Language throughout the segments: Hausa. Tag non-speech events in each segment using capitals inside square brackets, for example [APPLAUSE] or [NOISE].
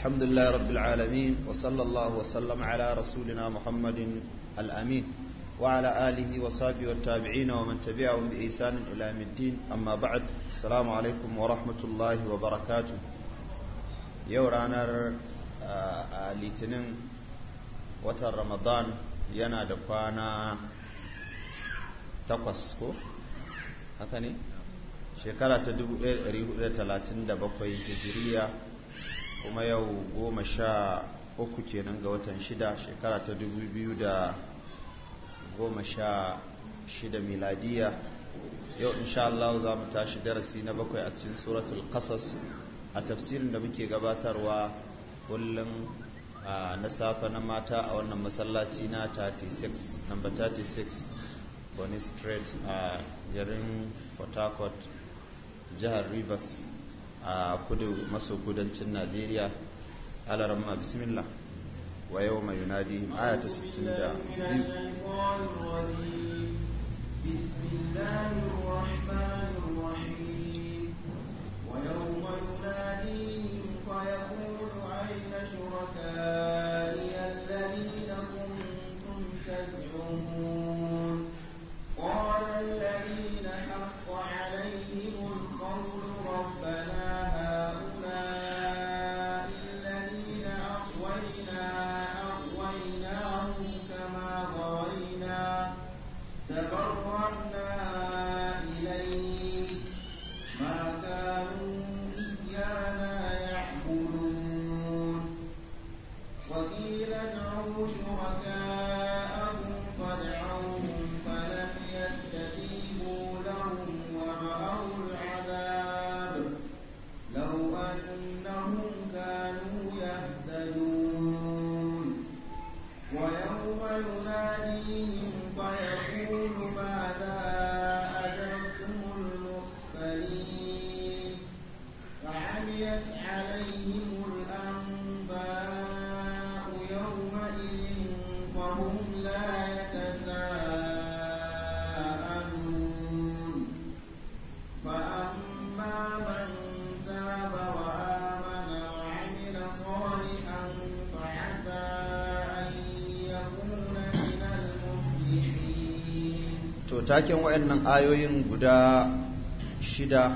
الحمد لله رب العالمين وصلى الله وسلم على رسولنا محمد الأمين وعلى آله وصحبه والتابعين ومن تبعهم بإحسان إلى يوم الدين أما بعد السلام عليكم ورحمة الله وبركاته يورانا litinin watan ramadan yana da kwana takwas ko haka ne shekara ta 1437 hijiriya kuma yau goma sha uku kenan ga watan shida shekara ta dubu biyu da goma sha shida miladiya yau insha Allah za mu tashi darasi na bakwai a cikin suratul qasas a tafsirin da muke gabatarwa kullum na safe na mata a wannan masallaci na 36 number 36 Bonny Street a garin Port Harcourt jihar Rivers a kudu maso kudancin najeriya ma bismillah wa yau mai yunadi aya ta 62 taken wayannan ayoyin guda shida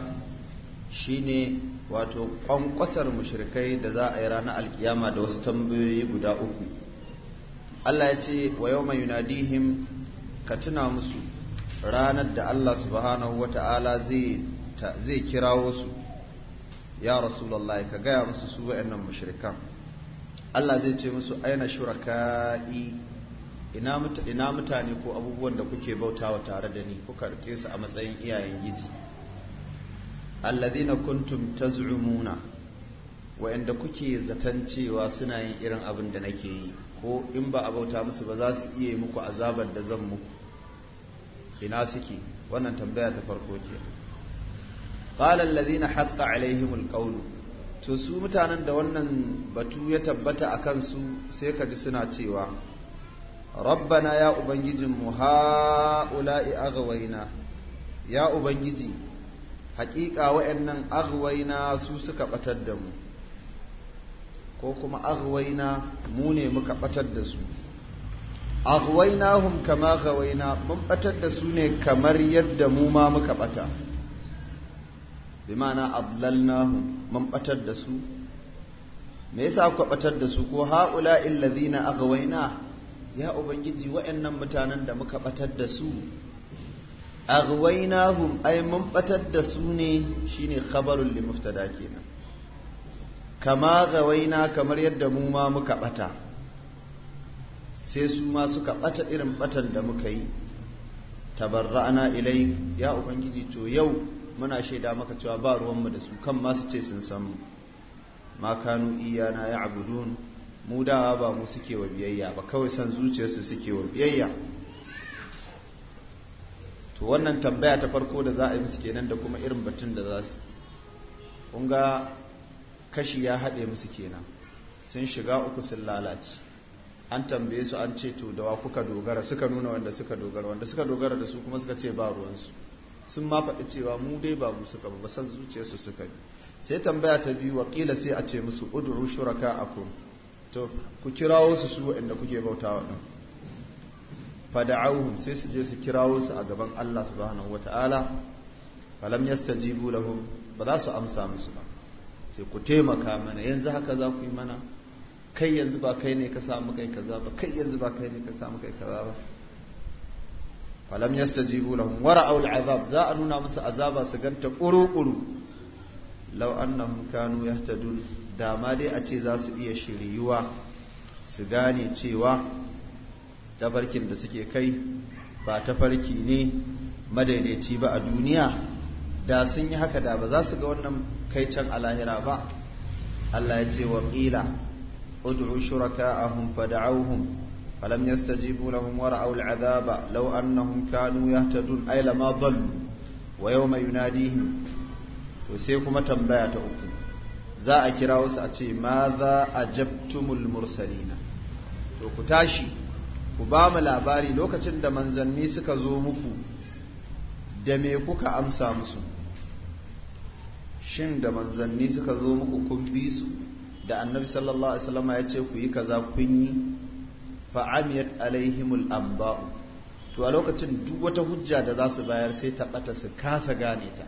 shine wato kwankwasar mushrikai da za a yi ranar alkiyama da wasu tambayoyi guda uku Allah ya ce wa yau mai yunadihim ka tuna musu ranar da Allah subhanahu wa ta'ala zai kirawo su ya rasulallah ka gaya musu su wa'annan mushrikan Allah zai ce musu aina shuraka'i ina mutane ko abubuwan da kuke bautawa tare da ni kuka rike su a matsayin iyayen giji allazina kuntum taz'umuna wa'anda kuke zaton cewa suna yin irin abin da nake yi ko in ba a bauta musu ba za su iya yi muku azabar da zan muku ina suke wannan tambaya ta farko Falon qala allazina haqqa alaihimul qawlu to su mutanen da wannan batu ya tabbata a kansu sai ka ji suna cewa rabbana ya ubangijinmu ha'ula'i aghwayna ya ubangiji haƙiƙa wa'annan aghwayna su suka batar da mu ko kuma aghwayna mu ne muka batar da su aghwaynahum kama ghawaina mun batar da su ne kamar yadda mu ma muka bata mun batar da su me yasa kuka batar da su ko ha'ula'il ladhina ya ubangiji waɗannan mutanen da muka batar da su aghwaynahum ay mun batar da su ne shine khabarul li muftada kenan kama gawaina kamar yadda mu ma muka bata sai su ma suka bata irin batan da muka yi tabarra'na ilai ya ubangiji to yau muna shaida maka cewa ba ruwanmu da su kan ma su ce sun san mu ma kanu iyana ya abudun mu dawa ba mu suke wa biyayya ba kawai san zuciyarsu suke wa biyayya to wannan tambaya ta farko da za a yi musu kenan da kuma irin batun da za su kun ga kashi ya haɗe musu kenan sun shiga uku sun lalace an tambaye su an ce to dawa kuka dogara suka nuna wanda suka dogara wanda suka dogara da su kuma suka ce ba ruwansu sun ma faɗi cewa mu dai ba mu suka ba san zuciyarsu suka bi sai tambaya ta biyu wakila sai a ce musu ud'u shuraka akum to ku kirawo su su waɗanda kuke bautawa din fada'awhum sai su je su kirawo su a gaban Allah subhanahu wata'ala falam yastajibu lahum ba za su amsa musu ba sai ku taimaka mana yanzu haka za ku yi mana kai yanzu ba kai ne ka samu kai kaza ba kai yanzu ba kai ne ka samu kai kaza ba falam yastajibu lahum wa ra'aw al'azab za a nuna musu azaba su ganta ƙuru quru law annahum kanu yahtadun da ma dai a ce za su iya shiryuwa su gane cewa tafarkin da suke kai ba tafarki ne madaidaici ba a duniya da sun yi haka da ba za su ga wannan kai can a lahira ba Allah ya ce wa ƙila ud'u shuraka'ahum fad'awhum falam yastajibu lahum wa ra'aw al'adaba law annahum kanu yahtadun ay lama dhallu wa yawma yunadihim to sai kuma tambaya ta uku za a kira wasu a ce ma za a jabtumul mursalina to ku tashi ku ba mu labari lokacin da manzanni suka zo muku da me kuka amsa musu shin da manzanni suka zo muku kun bi su da annabi sallallahu alaihi wasallam ya ce ku yi kaza kun yi fa amiyat alaihimul anba'u to a lokacin duk wata hujja da za su bayar sai ta ɓata su kasa gane ta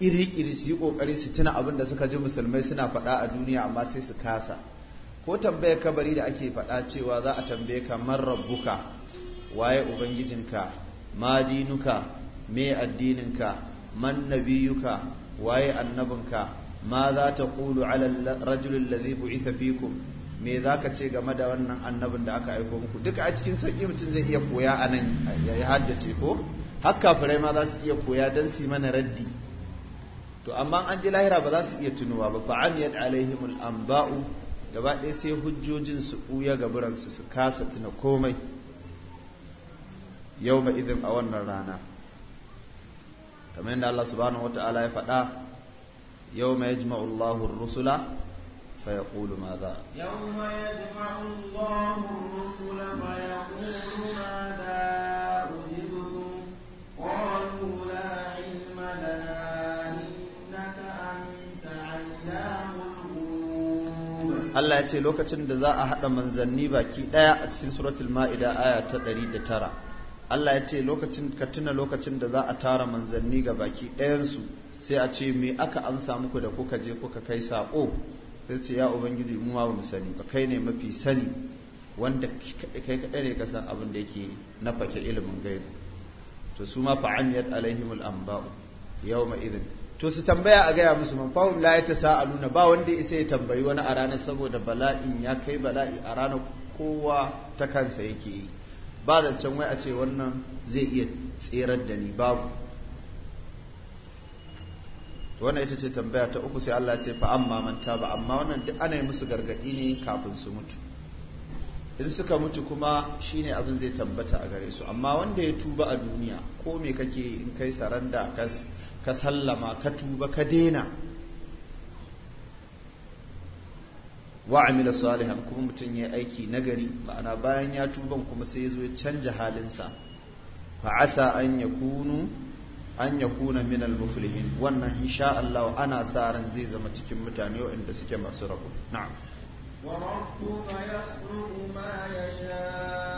iri-iri su yi kokari su tuna abin da suka ji musulmai suna faɗa a duniya amma sai su kasa ko tambayar kabari da ake faɗa cewa za a tambaye ka man rabbuka waye ubangijinka ma dinuka me addininka man nabiyuka waye annabinka ma za ta kulu ala rajulun lazi bu'itha fikum me za ka ce game da wannan annabin da aka aiko muku duka a cikin sauƙi mutum zai iya koya a nan ya haddace ko har fure ma za su iya koya don su yi mana raddi to amma an ji lahira ba za su iya tunuwa ba fa amiyat alaihimul anba'u gaba ɗaya sai hujjojin su ga gaburansu su kasa tuna komai yau ma idin a wannan rana kamar yadda Allah subhanahu wa ta'ala ya faɗa yau ma yajma'u Allahu rusula fa yaqulu yau ma yajma'u Allahu rusula fa yaqulu za Allah ya ce lokacin da za a haɗa manzanni baki ɗaya a cikin suratul ma'ida aya ta ɗari da tara Allah ya ce lokacin ka tuna lokacin da za a tara manzanni ga baki ɗayansu sai a ce me aka amsa muku da kuka je kuka kai saƙo sai ce ya ubangiji mu ma bamu sani ba kai ne mafi sani wanda kai kaɗai ne ka san abin da yake na fake ilimin gaibu to su ma fa'amiyat alaihimul anba'u yawma idin to su tambaya a gaya musu man fahum la nuna ba wanda isa ya tambayi wani a ranar saboda bala'in ya kai bala'i a ranar kowa ta kansa yake yi ba zancen wai a ce wannan zai iya tserar da ni babu wannan ita ce tambaya ta uku sai Allah ce fa amma man taba amma wannan duk ana yi musu gargadi ne kafin su mutu in suka mutu kuma shine abin zai tabbata a gare su amma wanda ya tuba a duniya ko me kake in kai saranda kas ka sallama ka tuba ka dena wa amila salihan kuma mutum ya aiki nagari ma'ana bayan ya tuba kuma sai ya zo ya canja halinsa fa asa an yakunu an yakuna min al-muflihin wannan insha Allah ana sa ran zai zama cikin mutane waɗanda suke masu rabo na'am wa rabbuka yakhluqu ma yasha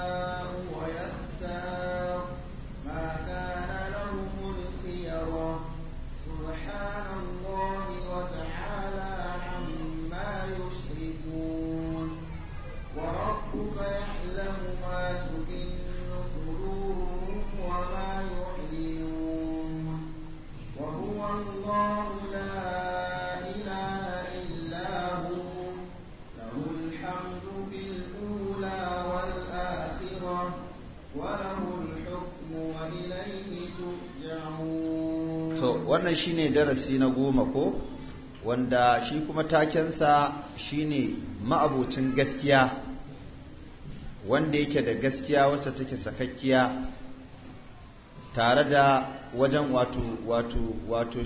wannan shine darasi na goma ko wanda shi kuma takensa shine ma'abocin gaskiya wanda yake da gaskiya wacce take sakakkiya tare da wajen wato wato wato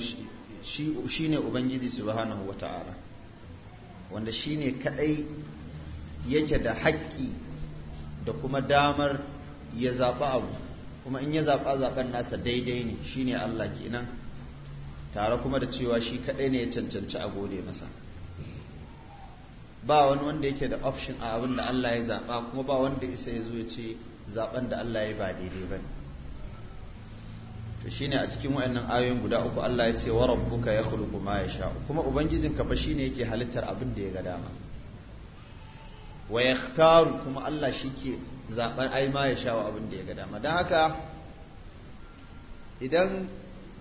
shi ne ubangiji subhanahu wata'ala wanda shi ne kadai yake da haƙƙi da kuma damar ya zaɓi abu kuma in ya zaɓa zaɓen nasa daidai ne shine Allah kenan tare kuma da cewa shi kaɗai ne ya cancanci a gode masa ba wani wanda yake da option a abin da Allah ya zaɓa kuma ba wanda isa ya zo ya ce zaɓen da Allah ya ba daidai ba ne to shine a cikin wayannan ayoyin guda uku Allah ya ce wa rabbuka yakhluqu ma yasha kuma ubangijin ka fa shine yake halittar abin da ya ga dama wa yakhtaru kuma Allah shike zaɓar ai ma yasha abin da ya ga dama dan haka idan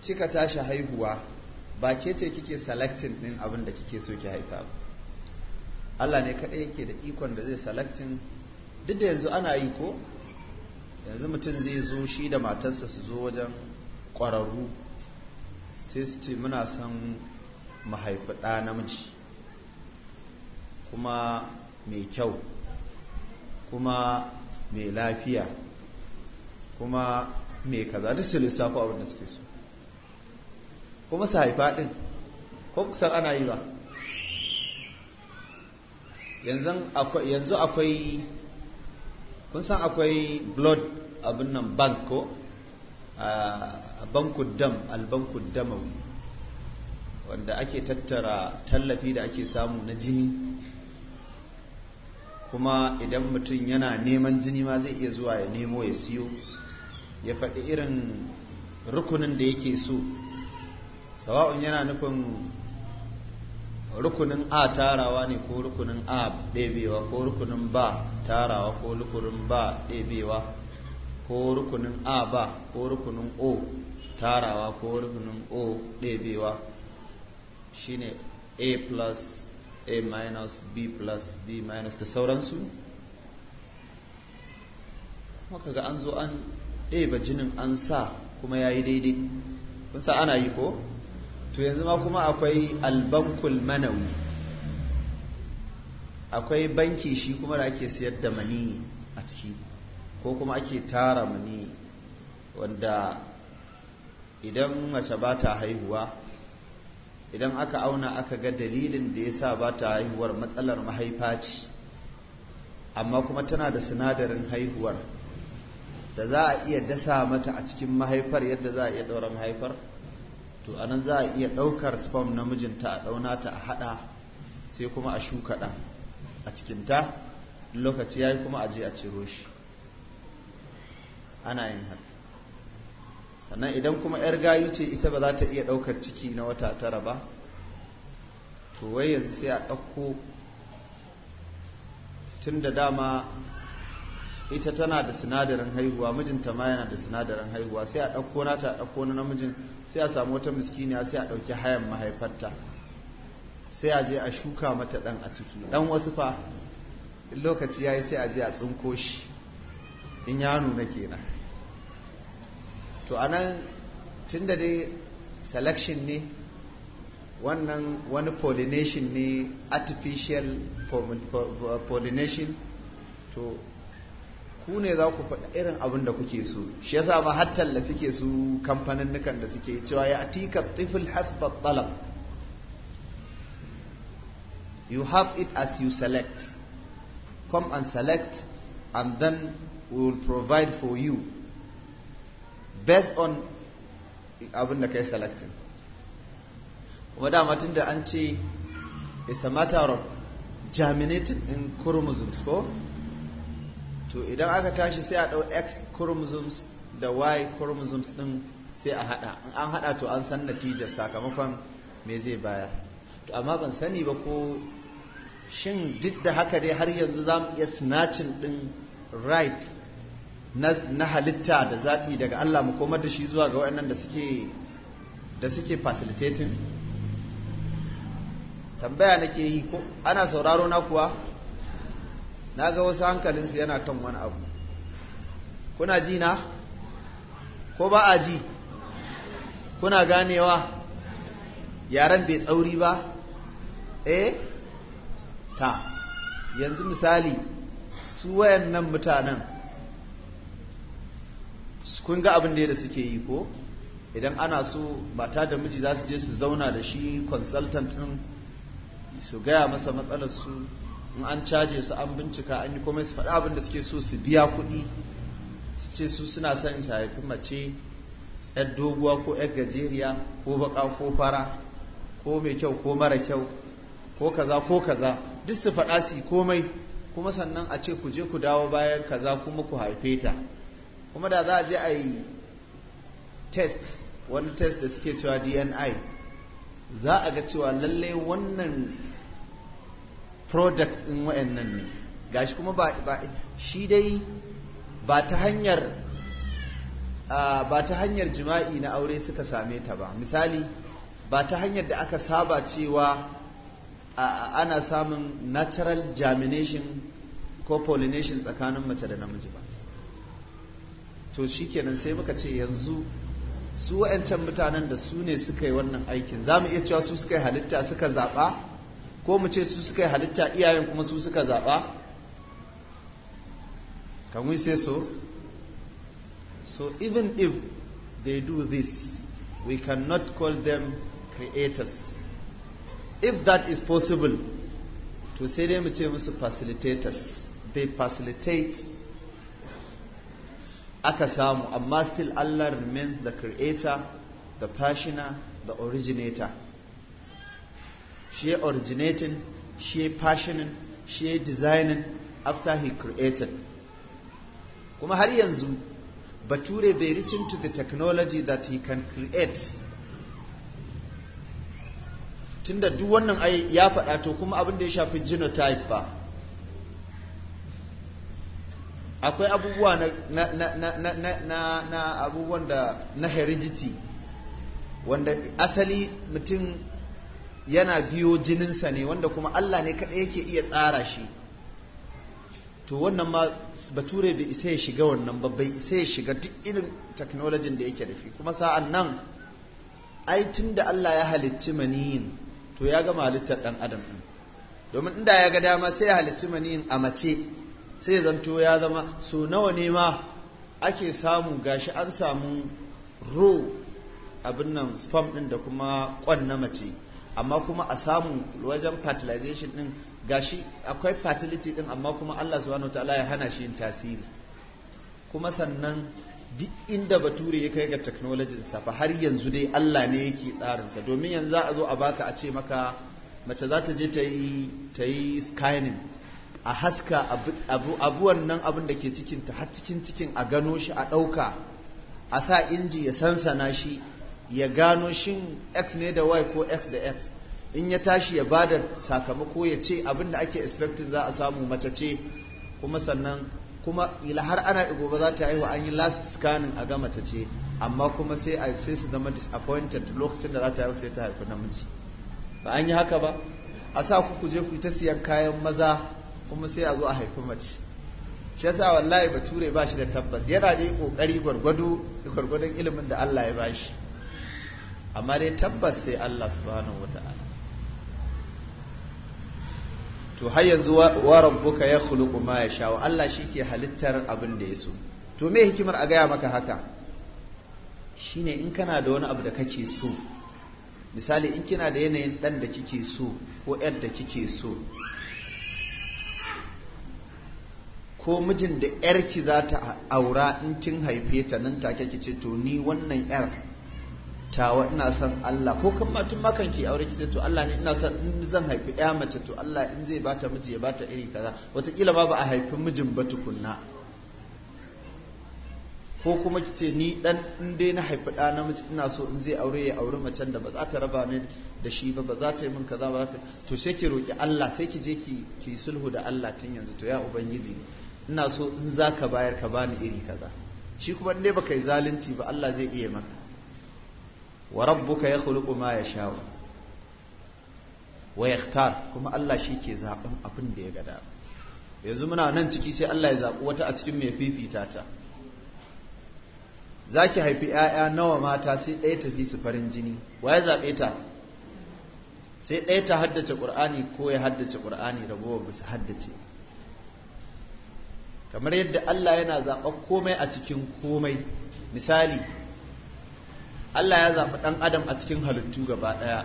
kika tashi haihuwa ba ke ce kike selecting din abin da kike so ki haifa ba Allah ne kaɗai yake da ikon da zai selecting duk da yanzu ana yi ko yanzu mutum zai zo shi da matarsa su zo wajen kwararru. sisti muna son haifi ɗa namiji kuma mai kyau kuma mai lafiya kuma mai kaza duk su lissafa abin da suke so kuma su haifa ɗin ko kusan ana yi ba yanzu akwai kun san akwai blood abin nan bank ko a bankun dam albankun damawi wanda ake tattara tallafi da ake samu na jini kuma idan mutum yana neman jini ma zai iya zuwa ya nemo ya siyo ya faɗi irin rukunin da yake so sawa'un yana nufin rukunin a tarawa ne ko rukunin a ɗebewa ko rukunin ba tarawa ko rukunin ba ɗebewa ko rukunin a ba ko rukunin o tarawa ko rukunin o ɗebewa shine a plus a minus b plus b minus da sauransu maka ga an zo an ɗeba jinin an sa kuma ya yi daidai kun sa ana yi ko to yanzu ma kuma akwai albankul manawi akwai banki shi kuma da ake siyar da mani a ciki ko kuma ake tara mani wanda idan mace ba ta haihuwa idan aka auna aka ga dalilin da ya sa ba ta haihuwar matsalar mahaifa ce amma kuma tana da sinadarin haihuwar da za a iya dasa mata a cikin mahaifar yadda za a iya ɗaura mahaifar to anan za a iya ɗaukar sperm na mijinta a ɗaunata ta a haɗa sai kuma a shuka a cikinta lokaci ya yi kuma a je a ciro shi ana yin haka sannan idan kuma 'yar gayu ce ita ba za ta iya ɗaukar ciki na wata tara ba to wai yanzu sai a ɗauko tun da dama ita tana da sinadarin haihuwa mijinta ma yana da sinadarin haihuwa sai a ɗauko nata a ɗauko na namijin sai a samu wata miskiniya sai a ɗauki hayan mahaifarta sai a je a shuka mata ɗan a ciki ɗan wasu fa lokaci ya yi sai a je a tsinko shi in ya nuna kenan to a nan tun da dai selection ne wannan wani pollination ne artificial pollination to ku ne za ku faɗa irin abin da kuke so shi yasa ma hattar da suke su nukan da suke cewa ya atika tifil hasba talab you have it as you select come and select and then we will provide for you based on abin da kai selecting kuma dama tun da an ce is a matter of germinating in chromosomes ko to idan aka tashi sai a ɗau x chromosomes da y chromosomes ɗin sai a haɗa in an haɗa to an san natijar sakamakon me zai bayar to amma ban sani ba ko shin duk da haka dai har yanzu za mu iya snatching ɗin right na, halitta da zaɓi daga Allah mu komar da shi zuwa ga waɗannan da suke da suke facilitating tambaya nake yi ko ana sauraro na kuwa na ga wasu hankalinsu yana kan wani abu kuna ji na ko ba a ji kuna ganewa yaren bai tsauri ba eh ta yanzu misali su wayannan mutanen kun ga abin da suke yi ko idan ana so mata da miji za su je su zauna da shi consultant din su gaya masa matsalar su in an caje su an bincika an yi komai su faɗi abin da suke so su biya kuɗi su ce su suna son su haifi mace yar doguwa ko yar gajeriya ko baka ko fara ko mai kyau ko mara kyau ko kaza ko kaza duk su faɗa su komai kuma sannan a ce ku je ku dawo bayan kaza kuma ku haife ta kuma da za a je a yi test wani test da suke cewa dni za a ga cewa lallai wannan product in wayannan ne gashi kuma ba shi dai ba ta hanyar ba ta hanyar jima'i na aure suka same ta ba misali ba ta hanyar da aka saba cewa ana samun natural germination ko pollination tsakanin mace da namiji ba to shikenan sai muka ce yanzu su wa'ancan mutanen da su ne suka yi wannan aikin za mu iya cewa su suka yi halitta suka zaɓa ko mu ce su suka yi halitta iyayen kuma su suka zaɓa can we say so so even if they do this we cannot call them creators if that is possible to say dai mu ce musu facilitators they facilitate aka samu amma still Allah remains the creator the passioner the originator She originating she ya she designing after he created kuma har yanzu bature bai reach into the technology that he can create tunda duk wannan ai ya faɗa to kuma abin da ya shafi genotype ba akwai abubuwa na na na abubuwan da na heredity wanda asali mutum yana biyo jininsa ne wanda kuma Allah ne kaɗai yake iya tsara shi to wannan ma bature bai isa ya shiga wannan ba bai isa ya shiga duk irin teknolojin da yake da shi kuma sa'an nan ai tun da Allah ya halicci maniyin to ya gama halittar ɗan adam ɗin domin inda ya ga dama sai ya halicci maniyin a mace sai zanto ya zama so nawa ne ma ake samu gashi an samu ro abin nan sperm ɗin da kuma kwan na mace amma kuma a samu wajen fertilization din gashi akwai fertility din amma kuma Allah subhanahu wataala ya hana shi yin tasiri kuma sannan duk inda bature ya kai ga technology sa fa har yanzu dai Allah ne yake tsarin sa domin yanzu za a zo a baka a ce maka mace za ta je ta yi ta yi scanning a haska abu abu wannan abin da ke cikin ta har cikin cikin a gano shi a ɗauka a sa inji ya sansana shi ya gano shin x ne da y ko x da x in ya tashi ya bada sakamako ya ce abin da ake expecting za a samu mace ce kuma sannan kuma ila har ana gobe za ta haihu an yi last scanning a ga mace ce amma kuma sai a sai su zama disappointed lokacin da za ta haihu sai ta haifi namiji ba an yi haka ba a sa ku kuje ku ta siyan kayan maza kuma sai a zo a haifi mace shi yasa wallahi ture ba shi da tabbas yana da kokari gwargwado gwargwadon ilimin da Allah ya bashi amma dai tabbas sai Allah subhanahu wa ta'ala, to har yanzu wa rabbuka ya khuluqu ma yasha Allah shike halittar abin da so, to me hikimar a gaya maka haka shine in kana da wani abu da kake so misali in kina da yanayin dan da kike so ko yar da kike so ko mijin da yarki za ta aura in kin haife ta nan take kice to ni wannan yar tawa ina son Allah ko kuma tun makan ki aure ki to Allah ne ina son in zan haifi ɗaya mace to Allah in zai bata miji ya bata iri kaza wataƙila ma ba a haifi mijin ba tukunna ko kuma ki ce ni dan in dai na haifi ɗa miji ina so in zai aure ya aure macen da ba za ta raba ni da shi ba ba za ta yi min kaza ba za ta to sai ki roki Allah sai ki je ki ki sulhu da Allah tun yanzu to ya ubangiji ina so in za ka bayar ka bani iri kaza shi kuma in dai baka yi zalunci ba Allah zai iya maka wa يخلق ما ma ويختار wa الله kuma Allah shi ke zaben abin da ya yanzu muna nan ciki sai Allah ya zaɓi wata a cikin mai fifita ta za ki haifi ‘ya'ya nawa mata sai ɗaya ta fi su farin jini wa ya zaɓe ta sai ɗaya ta haddace ƙur'ani ko ya haddace ƙur'ani ragowa ba su haddace kamar yadda Allah yana zaɓa komai a cikin komai misali Allah ya zaɓi ɗan adam a cikin halittu gaba ɗaya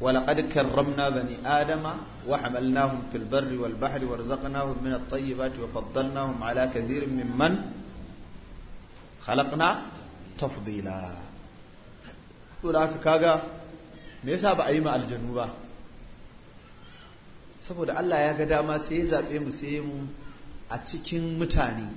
ولقد كرمنا بني آدم وحملناهم في البر والبحر ورزقناهم من الطيبات وفضلناهم على كثير ممن خلقنا تفضيلا ولك كاغا me yasa ba a yi ma aljanu ba saboda Allah ya ga dama sai zaɓe mu sai mu a cikin mutane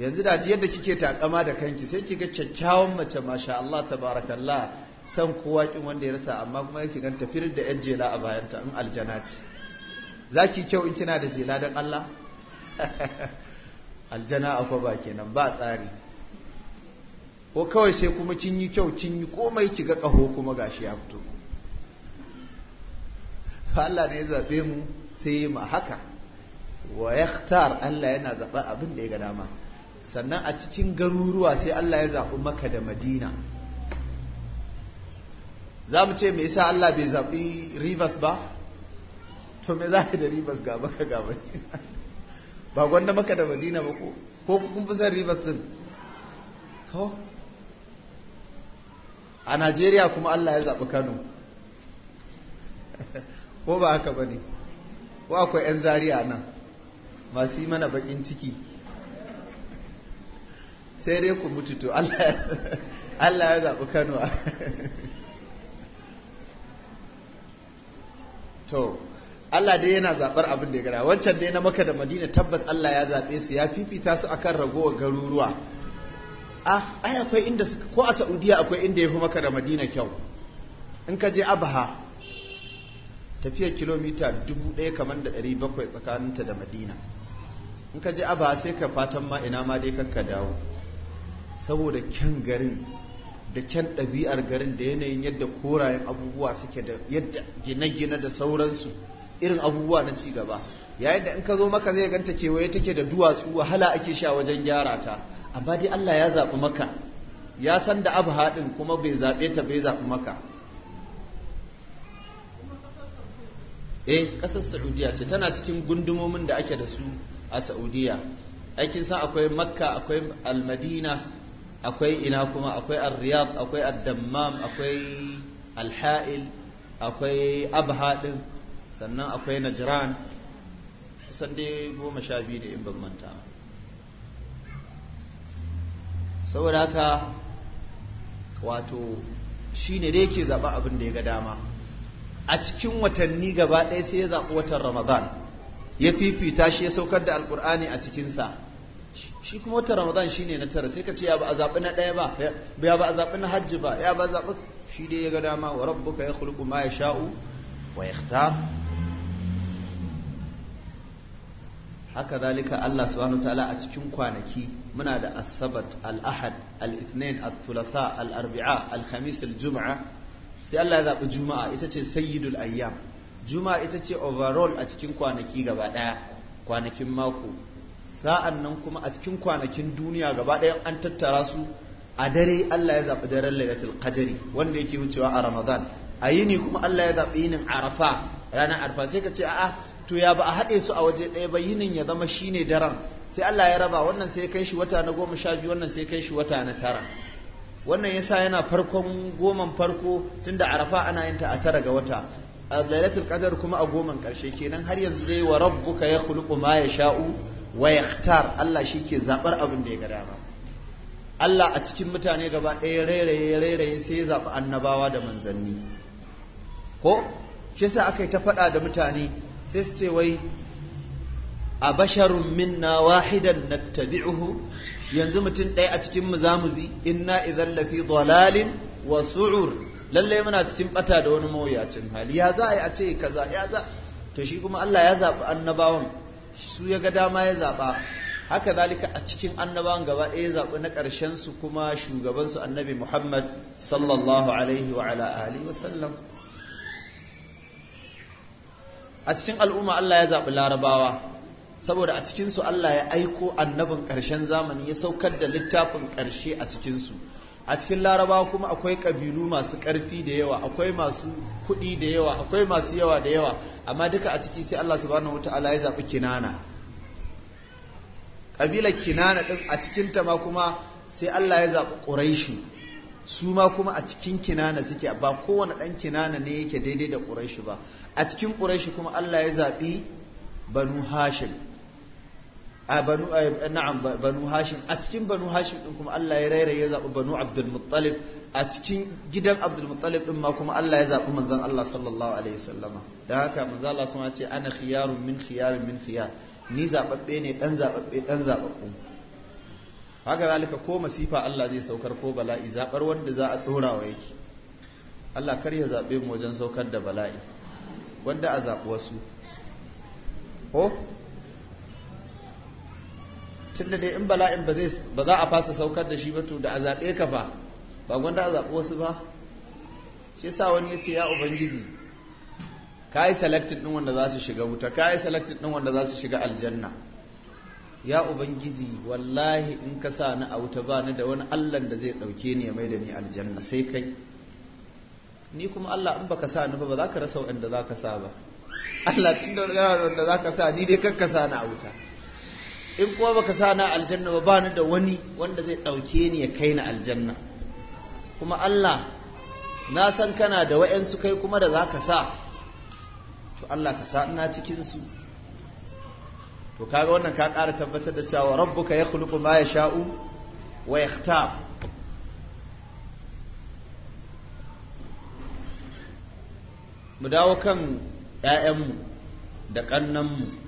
yanzu da yadda kike takama da kanki sai kiga kyakkyawan mace masha Allah tabarakallah san kowa kin wanda ya rasa amma kuma yake ganta firar da yan jela a bayanta in aljana ce zaki kyau in kina da jela dan Allah [LAUGHS] aljana akwai ba kenan ba tsari ko kawai sai kuma kin yi kyau kin yi komai kiga kaho kuma gashi ya fito Allah ne ya zabe mu sai ma haka wa yakhtar Allah yana zaba abin da ya ga dama sannan a cikin garuruwa sai Allah ya zaɓi maka da madina za mu ce me sa Allah bai zaɓi rivers ba to me za da rivers ga maka ga madina ba gwanda maka da madina ba ko ko kun fi son rivers din to a najeriya kuma Allah ya zaɓi kano ko ba haka ba ne ko akwai 'yan zariya nan masu yi mana baƙin ciki sai dai ku mutu to Allah ya zaɓi Kano to Allah dai yana zaɓar abin da ya gara wancan dai na maka da madina tabbas Allah ya zaɓe su ya fifita su akan ragowar garuruwa a ai akwai inda ko a Saudiya akwai inda ya fi maka da madina kyau in ka je abaha tafiyar kilomita dubu ɗaya kamar da ɗari bakwai tsakaninta da madina in ka je abaha sai ka fatan ma ina ma dai kanka dawo saboda kyan garin da kyan ɗabi'ar garin da yanayin yadda korayen abubuwa suke da yadda gine-gine da sauransu irin abubuwa na cigaba. yayin da in ka zo maka zai ganta kewaye take da duwatsu wahala ake sha wajen gyara ta amma dai Allah ya zaɓi maka ya san da abu haɗin kuma bai zaɓe ta bai zaɓi maka eh ƙasar saudiya ce tana cikin gundumomin da ake da su a saudiya aikin sa akwai makka akwai almadina akwai ina kuma akwai al riyad akwai ad-dammam akwai al-ha'il akwai abha din sannan akwai najran kusan dai goma sha biyu da in ban manta saboda haka wato shine da yake zaɓa abin da ya ga dama a cikin watanni gaba ɗaya sai ya zaɓi watan ramadan ya fifita shi ya saukar da alkur'ani a cikinsa shi kuma wata ramadan shi ne na tara sai ka ce ya ba a zaɓi na ɗaya ba ya ba a zaɓi na hajji ba ya ba a zaɓi shi dai ya ga dama wa rabbuka ya khulqu ma yasha'u wa yakhtar haka zalika Allah subhanahu wa ta'ala a cikin kwanaki muna da asabat al-ahad al-ithnain al-thulatha al-arbi'a al-khamis al-jum'a sai Allah ya zaɓi juma'a ita ce sayyidul ayyam juma'a ita ce overall a cikin kwanaki gaba ɗaya kwanakin mako sa'an nan kuma a cikin kwanakin duniya gaba ɗaya an tattara su a dare Allah ya zaɓi daren lailatul qadari wanda yake wucewa a ramadan a yini kuma Allah ya zaɓi yinin arafa ranar arafa sai ka ce a'a to ya ba a haɗe su a waje ɗaya ba yinin ya zama shine daren sai Allah ya raba wannan sai kai shi wata na goma sha biyu wannan sai kai shi wata na tara wannan yasa yana farkon goman farko tunda arafa ana yin ta a tara ga wata lailatul qadar kuma a goman karshe kenan har yanzu dai wa rabbuka yakhluqu ma yasha'u wa yakhtar Allah shike zaɓar abin da ya ga dama Allah a cikin mutane gaba ɗaya rairaye rairaye sai ya zaɓi annabawa da manzanni ko shi yasa aka yi ta faɗa da mutane sai su ce wai a basharun minna wahidan na tabi'uhu yanzu mutum ɗaya a cikin mu za mu bi inna idan lafi dalalin wa su'ur lalle muna cikin bata da wani mawuyacin hali ya za a yi a ce kaza ya za to shi kuma Allah ya zaɓi annabawan su ya ga dama ya zaɓa haka zalika a cikin annabawan gaba ɗaya zaɓi na ƙarshen su kuma shugabansu annabi Muhammad sallallahu alaihi wa ala alihi wa sallam a cikin al'umma Allah ya zaɓi larabawa saboda a cikinsu Allah ya aiko annabin ƙarshen zamani ya saukar da littafin ƙarshe a cikinsu a cikin laraba kuma akwai kabilu masu karfi da yawa akwai masu kuɗi da yawa akwai masu yawa da yawa amma duka a ciki sai Allah subhanahu wataala ya zabi kinana kabilar kinana din a cikinta ma kuma sai Allah ya zaɓi quraishi su ma kuma a cikin kinana suke ba kowane ɗan kinana ne yake daidai da quraishi ba a cikin quraishi kuma Allah ya zaɓi banu hashim a banu eh, na'am banu hashim a cikin banu hashim din kuma Allah ya raira ya zabi banu abdul muttalib a cikin gidan abdul muttalib din ma kuma Allah ya zabi manzon Allah sallallahu alaihi wasallama dan haka manzon Allah sun ce ana khiyarun min khiyarin min khiyar ni zababbe ne dan zababbe dan zababbu haka zalika ko masifa Allah zai saukar ko bala'i zabar wanda za a dora wa yake Allah kar ya zabe mu wajen saukar da bala'i wanda a zabi wasu ko tunda dai in bala'in ba za a fasa saukar da shi ba to da a zaɓe ka fa ba gwanda a zaɓi wasu ba shi sa wani ya ce ya ubangiji ka yi selected ɗin wanda za su shiga wuta ka yi selected ɗin wanda za su shiga aljanna ya ubangiji wallahi in ka sa ni a wuta ba ni da wani allan da zai ɗauke ni ya mai da ni aljanna sai kai ni kuma allah in baka sa ni ba ba za ka rasa waɗanda za ka sa ba allah tun da wanda za ka sa ni dai kakka sa ni a wuta in kuma baka sa na aljanna ba bani da wani wanda zai ɗauke ni ya kai ni aljanna kuma Allah na san kana da wa'yansu kai kuma da za ka sa to Allah ka sa ina cikinsu to kaga wannan ka ƙara tabbatar da cewa rabbuka ya kuluku ma ya sha'u wa ya mu dawo kan ƴaƴanmu da ƙannanmu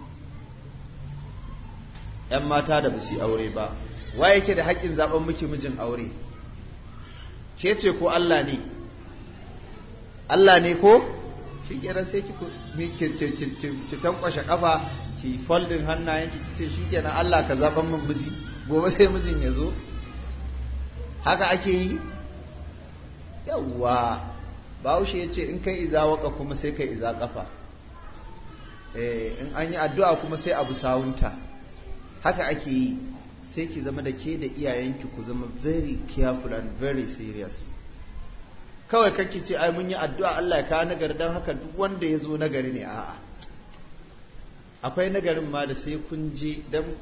'yan mata da basu aure ba wa yake da haƙƙin zaɓen miki mijin aure ke ce ko Allah ne Allah ne ko shi kenan sai ki tankwashe kafa ki foldin hannayen ki ce shi kenan Allah ka zaɓen min miji gobe sai mijin ya zo haka ake yi yawwa bawushe ya ce in kai iza waka kuma sai kai iza kafa eh, in an yi addu'a kuma sai abu sawunta haka ake yi sai ki zama da ke da iyayenki ku zama very careful and very serious kawai kanki ce ai mun yi addu'a Allah ya kawo nagari don haka duk wanda ya zo nagari ne a'a akwai nagarin ma da sai kun je don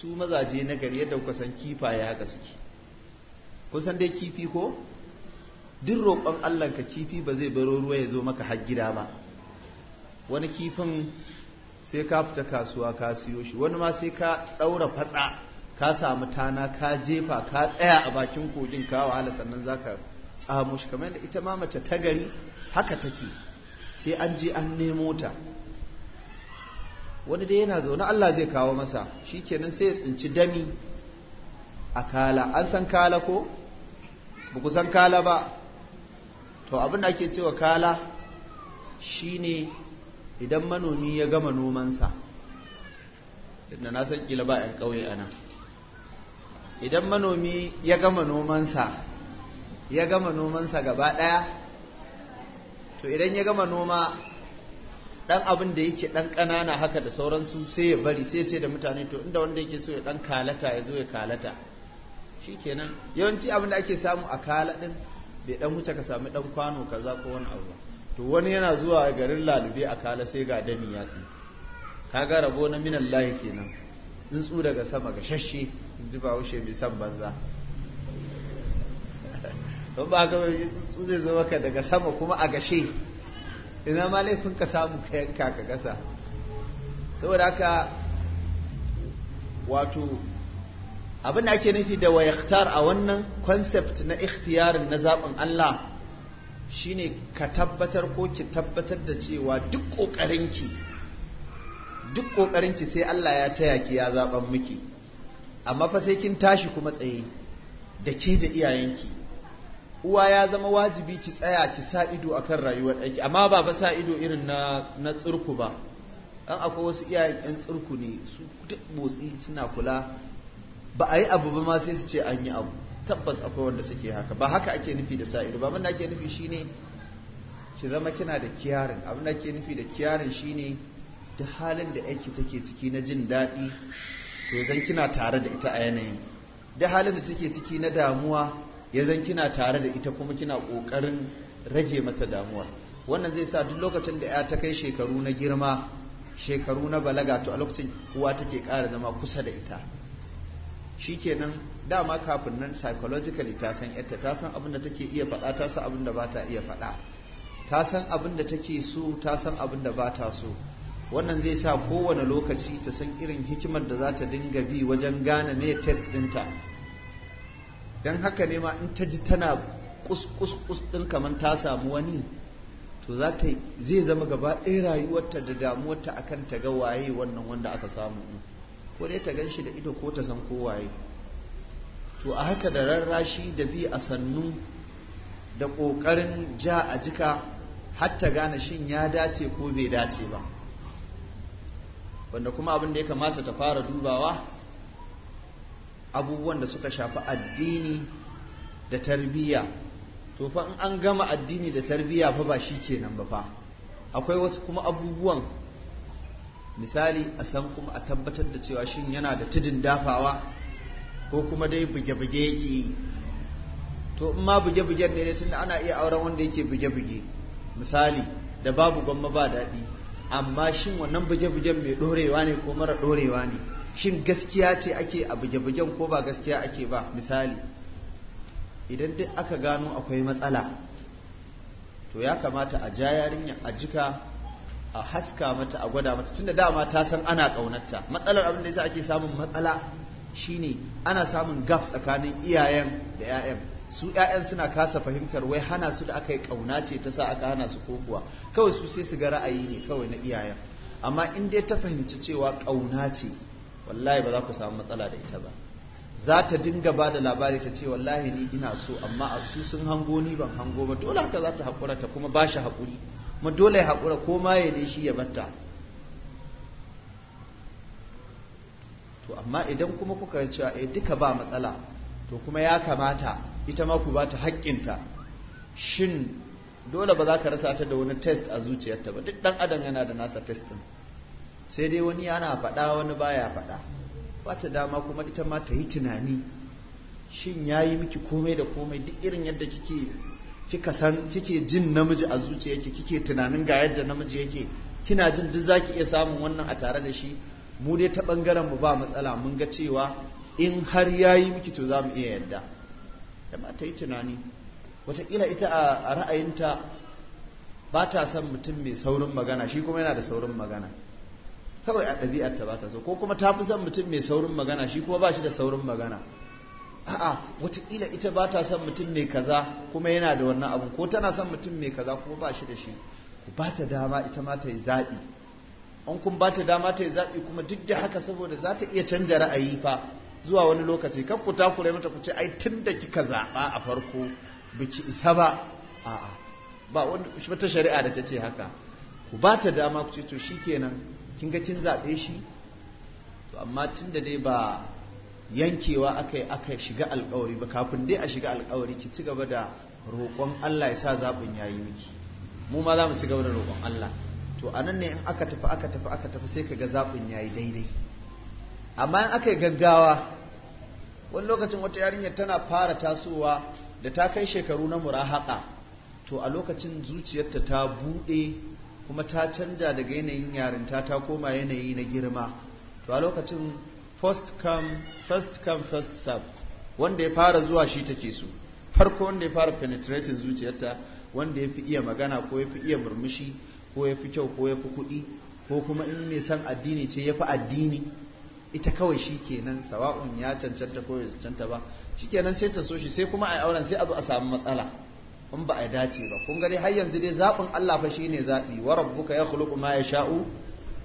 su mazaje nagari yadda kuka san ya ga suke kun san dai kifi ko duk roƙon Allah ka kifi ba zai baro ruwa ya zo maka har gida ba wani kifin sai ka fita kasuwa ka siyo shi wani ma sai ka ɗaura fatsa ka samu tana ka jefa ka tsaya a bakin kogin ka wahala sannan za ka tsamo shi kamar yadda ita ma mace ta gari haka take sai an je an nemo ta wani dai yana zaune Allah zai kawo masa shi kenan sai ya tsinci dami a kala an san kala ko ba ku san kala ba to abin ake cewa kala shine idan manomi ya gama nomansa da na san kila ba 'yan ƙauye a nan idan manomi ya gama nomansa ya gama nomansa gaba ɗaya to idan ya gama noma ɗan abin da yake ɗan ƙanana haka da sauransu sai ya bari sai ce da mutane to inda wanda yake so ya ɗan kalata ya zo ya kalata shi kenan yawanci abin da ake samu a kala ɗin bai ɗan wuce ka sami ɗan kwano kaza ko wani abu to wani yana zuwa a garin lalube a kala sai ga dami ya tsinta kaga rabo na minan layi kenan tsuntsu daga sama ga shashe ji ba wushe mai san banza [LAUGHS] don ba ka yi tsuntsu zai zama ka daga sama kuma a gashe ina ma laifin ka samu ka yanka ka gasa saboda haka wato abin da ake nufi da wayaktar a wannan concept na ikhtiyarin na zaɓin Allah shine ka tabbatar ko ki tabbatar da cewa duk ƙoƙarinki duk ƙoƙarinki sai Allah ya taya ki ya zaɓan miki amma fa sai kin tashi kuma tsaye da ke da iyayenki uwa ya zama wajibi ki tsaya ki sa ido akan rayuwar ɗanki amma ba ba sa ido irin na na tsurku ba an akwai wasu iyayen tsurku ne su duk motsi suna kula ba a yi abu ba ma sai su ce an yi abu tabbas akwai wanda suke haka ba haka ake nufi da sa ido ba abin da ake nufi shine ki zama kina da kiyarin abin da ake nufi da kiyarin shine da halin da yake take ciki na jin daɗi to zan kina tare da ita a yanayin da halin da take ciki na damuwa ya zan kina tare da ita kuma kina ƙoƙarin rage mata damuwa wannan zai sa duk lokacin da ya ta kai shekaru na girma shekaru na balaga to a lokacin uwa take ƙara zama kusa da ita shikenan dama kafin nan psychologically ta san yatta ta san abin da take iya faɗa ta san abin da ba ta iya faɗa ta san abin da take so ta san abin da ba ta so wannan zai sa kowane lokaci ta san irin hikimar da za ta dinga bi wajen gane ne test ɗinta don haka ne ma in ta ji tana kus ɗin kamar ta samu wani to za ta zai zama gaba ɗaya rayuwarta da damuwarta akan ta ga waye wannan wanda aka samu ko dai ta gan shi da ido ko ta san kowaye to a haka da rarrashi da bi a sannu da ƙoƙarin ja a jika har ta gane shin ya dace ko bai dace ba wanda kuma abin da ya kamata ta fara dubawa abubuwan da suka shafi addini da tarbiyya to fa in an gama addini da tarbiyya fa ba shi kenan ba fa akwai wasu kuma abubuwan misali a san kuma a tabbatar da cewa shin yana da tudun dafawa ko kuma dai buge-buge yake yi to in ma buge-bugen ne ne tunda ana iya auren wanda yake buge-buge misali da babu gwamma ba daɗi amma shin wannan buge-bugen mai ɗorewa ne ko mara ɗorewa ne shin gaskiya ce ake a buge-bugen ko ba gaskiya ake ba misali idan duk aka gano akwai matsala to ya kamata a ja yarinya a jika a haska mata a gwada mata tunda dama ta san ana ƙaunarta matsalar abin da yasa ake samun matsala shine ana samun gap tsakanin iyayen da 'ya'yan su 'ya'yan suna kasa fahimtar wai hana su da aka yi ƙauna ce ta sa aka hana su ko kuwa kawai su sai su ga ra'ayi ne kawai na iyayen amma in dai ta fahimci cewa ƙauna ce wallahi ba za ku samu matsala da ita ba za ta dinga ba da labari ta ce wallahi ni ina so amma a su sun hango ni ban hango ba dole haka za ta haƙura ta kuma ba shi haƙuri mu dole ya haƙura ko ma ya dai shi ya batta to amma idan kuma kuka cewa eh duka ba matsala to kuma ya kamata ita ma ku ba ta haƙƙinta shin dole ba za ka rasa ta da wani test a zuciyarta ba duk ɗan adam yana da nasa testin sai dai wani yana faɗa wani baya faɗa ba ta dama kuma ita ma ta yi tunani shin ya yi miki komai da komai duk irin yadda kike kika san kike jin namiji a zuciyarki kike tunanin ga yadda namiji yake kina jin duk zaki iya samun wannan a tare da shi mu dai ta bangaren mu ba matsala mun ga cewa in har yayi miki to zamu iya yadda da ba ta yi tunani wataƙila ita a ra'ayinta ba ta son mutum mai saurin magana shi kuma yana da saurin magana kawai a ɗabi'ar ta ba ta so ko kuma ta fi son mutum mai saurin magana shi kuma ba shi da saurin magana a'a wataƙila ita ba ta son mutum mai kaza kuma yana da wannan abu ko tana son mutum mai kaza kuma ba shi da shi ku ba ta dama ita ma ta yi zaɓi an kun ba ta dama ta yi zaɓi kuma duk da haka saboda za ta iya canja ra'ayi fa zuwa wani lokaci kan ku takure mata ku ce ai tun da kika zaɓa a farko biki isa ba a'a ba wata shari'a da ta ce haka ku ba ta dama ku ce to shikenan kin ga kin zaɓe shi to amma tun da dai ba yankewa aka yi aka shiga alkawari ba kafin dai a shiga alkawari ki ci gaba da roƙon Allah ya sa zaɓin ya yi miki mu ma za mu ci gaba da roƙon Allah to a nan ne in aka tafi aka tafi aka tafi sai ka ga zaɓin ya yi daidai amma in aka yi gaggawa wani lokacin wata yarinyar tana fara tasowa da ta kai shekaru na murahaka to a lokacin zuciyarta ta buɗe kuma ta canja daga yanayin yarinta ta koma yanayi na girma to a lokacin first come first come first served wanda ya fara zuwa shi take su farko wanda ya fara penetrating zuciyarta wanda ya fi iya magana ko ya fi iya murmushi ko ya fi kyau ko ya fi kuɗi ko kuma in mai san addini ce ya fi addini ita kawai shi kenan sawa'un ya cancanta ko ya cancanta ba shi kenan sai ta so shi sai kuma a yi auren sai a zo a samu matsala in ba a dace ba kun gari har yanzu dai zaɓin Allah fa shine zaɓi wa rabbuka yakhluqu ma yasha'u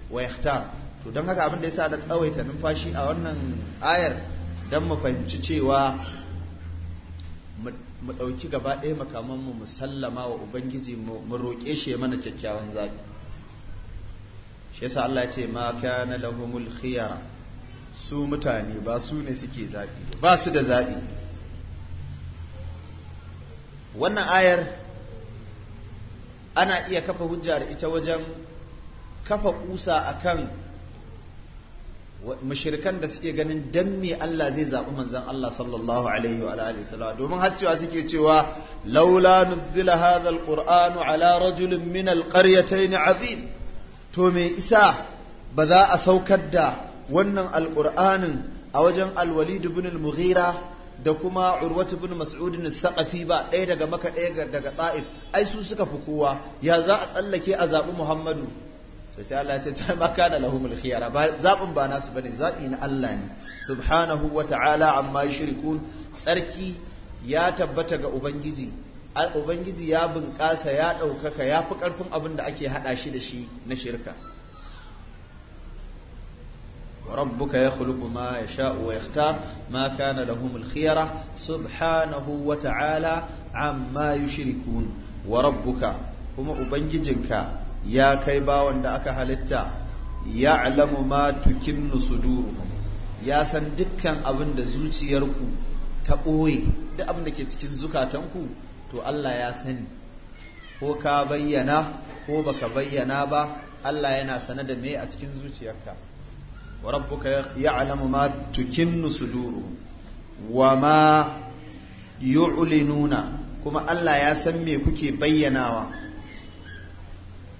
wa yakhtar to don haka abin da ya sa da tsawaita numfashi a wannan ayar don mu fahimci cewa mu ɗauki gaba ɗaya makamanmu mu sallama wa ubangiji mu roƙe shi ya mana kyakkyawan zaɓi shi yasa Allah ya ce ma kana lahumul khiyara su mutane ba su ne suke zaɓi ba su da zaɓi wannan ayar ana iya kafa hujja da ita wajen kafa kusa akan Mushirikan da suke ganin dan me Allah zai zaɓi manzon Allah sallallahu alaihi wa alihi wasallam domin har cewa suke cewa laula nuzila hadha alquranu ala rajulin min alqaryatayn azim to me isa ba za a saukar da wannan alqur'anin a wajen alwalid ibn al-mughira da kuma urwat ibn mas'ud al-saqafi ba ɗaya daga maka ɗaya daga ta'if ai su suka fi kowa ya za a tsallake a zaɓi muhammadu to sai Allah ya ce ta ma kana lahumul khiyara ba zabin ba nasu bane zabi na Allah ne subhanahu wa ta'ala amma yushrikun tsarki ya tabbata ga ubangiji ubangiji ya bunƙasa ya ɗaukaka ya fi ƙarfin abin da ake hada shi da shi na shirka ربك يخلق ما يشاء ويختار ما كان لهم الخيرة سبحانه وتعالى عما يشركون وربك هم أبنججنك ya kai bawan da aka halitta ya alamu ma tukinnu suduruhum ya san dukkan abin da zuciyarku ta ɓoye duk abin da ke cikin zukatanku to Allah ya sani ko ka bayyana ko baka bayyana ba Allah yana sane da me a cikin zuciyarka wa rabbuka ya'lamu ma tukinnu suduruhum wa ma yu'linuna kuma Allah ya san me kuke bayyanawa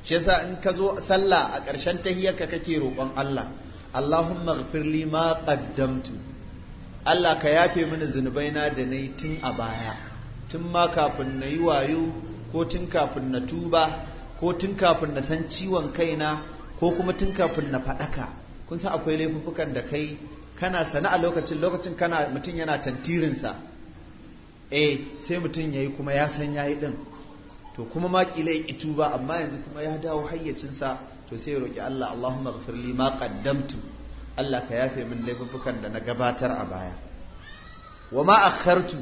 shi yasa in ka zo sallah a ƙarshen tahiyyarka kake roƙon Allah Allahumma ghfirli ma qaddamtu Allah ka yafe mini na da nayi tun a baya tun ma kafin na yi wayo ko tun kafin na tuba ko tun kafin na san ciwon kaina ko kuma tun kafin na faɗaka kun san akwai laifukan da kai kana sana a lokacin lokacin kana mutum yana tantirinsa eh sai mutum ya yi kuma ya san ya yi ɗin. to kuma ma kila ya ki amma yanzu kuma ya dawo hayyacinsa to sai ya roƙi Allah Allahumma ghfir ma qaddamtu Allah ka yafe min laifukan da na gabatar a baya wa ma akhartu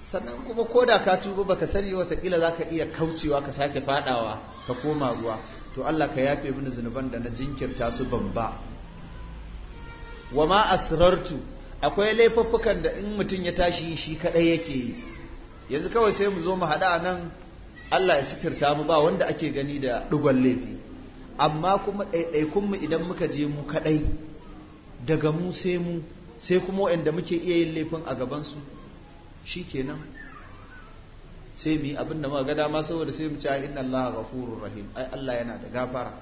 sannan kuma da ka tuba baka sani wata kila zaka iya kaucewa ka sake faɗawa, ka koma ruwa to Allah ka yafe mini zunuban da na jinkirta su bamba. wa ma asrartu akwai laifukan da in mutum ya tashi shi kaɗai yake yi yanzu kawai sai mu zo mu haɗa nan Allah ya sitirta mu ba wanda ake gani da dugon laifi amma kuma ɗaiɗaikunmu idan muka je mu kaɗai daga mu sai mu sai kuma waɗanda muke iya yin laifin a gabansu shi kenan sai mu yi abin da ga dama saboda sai mu ci inna Allah ghafurur rahim ai Allah yana da gafara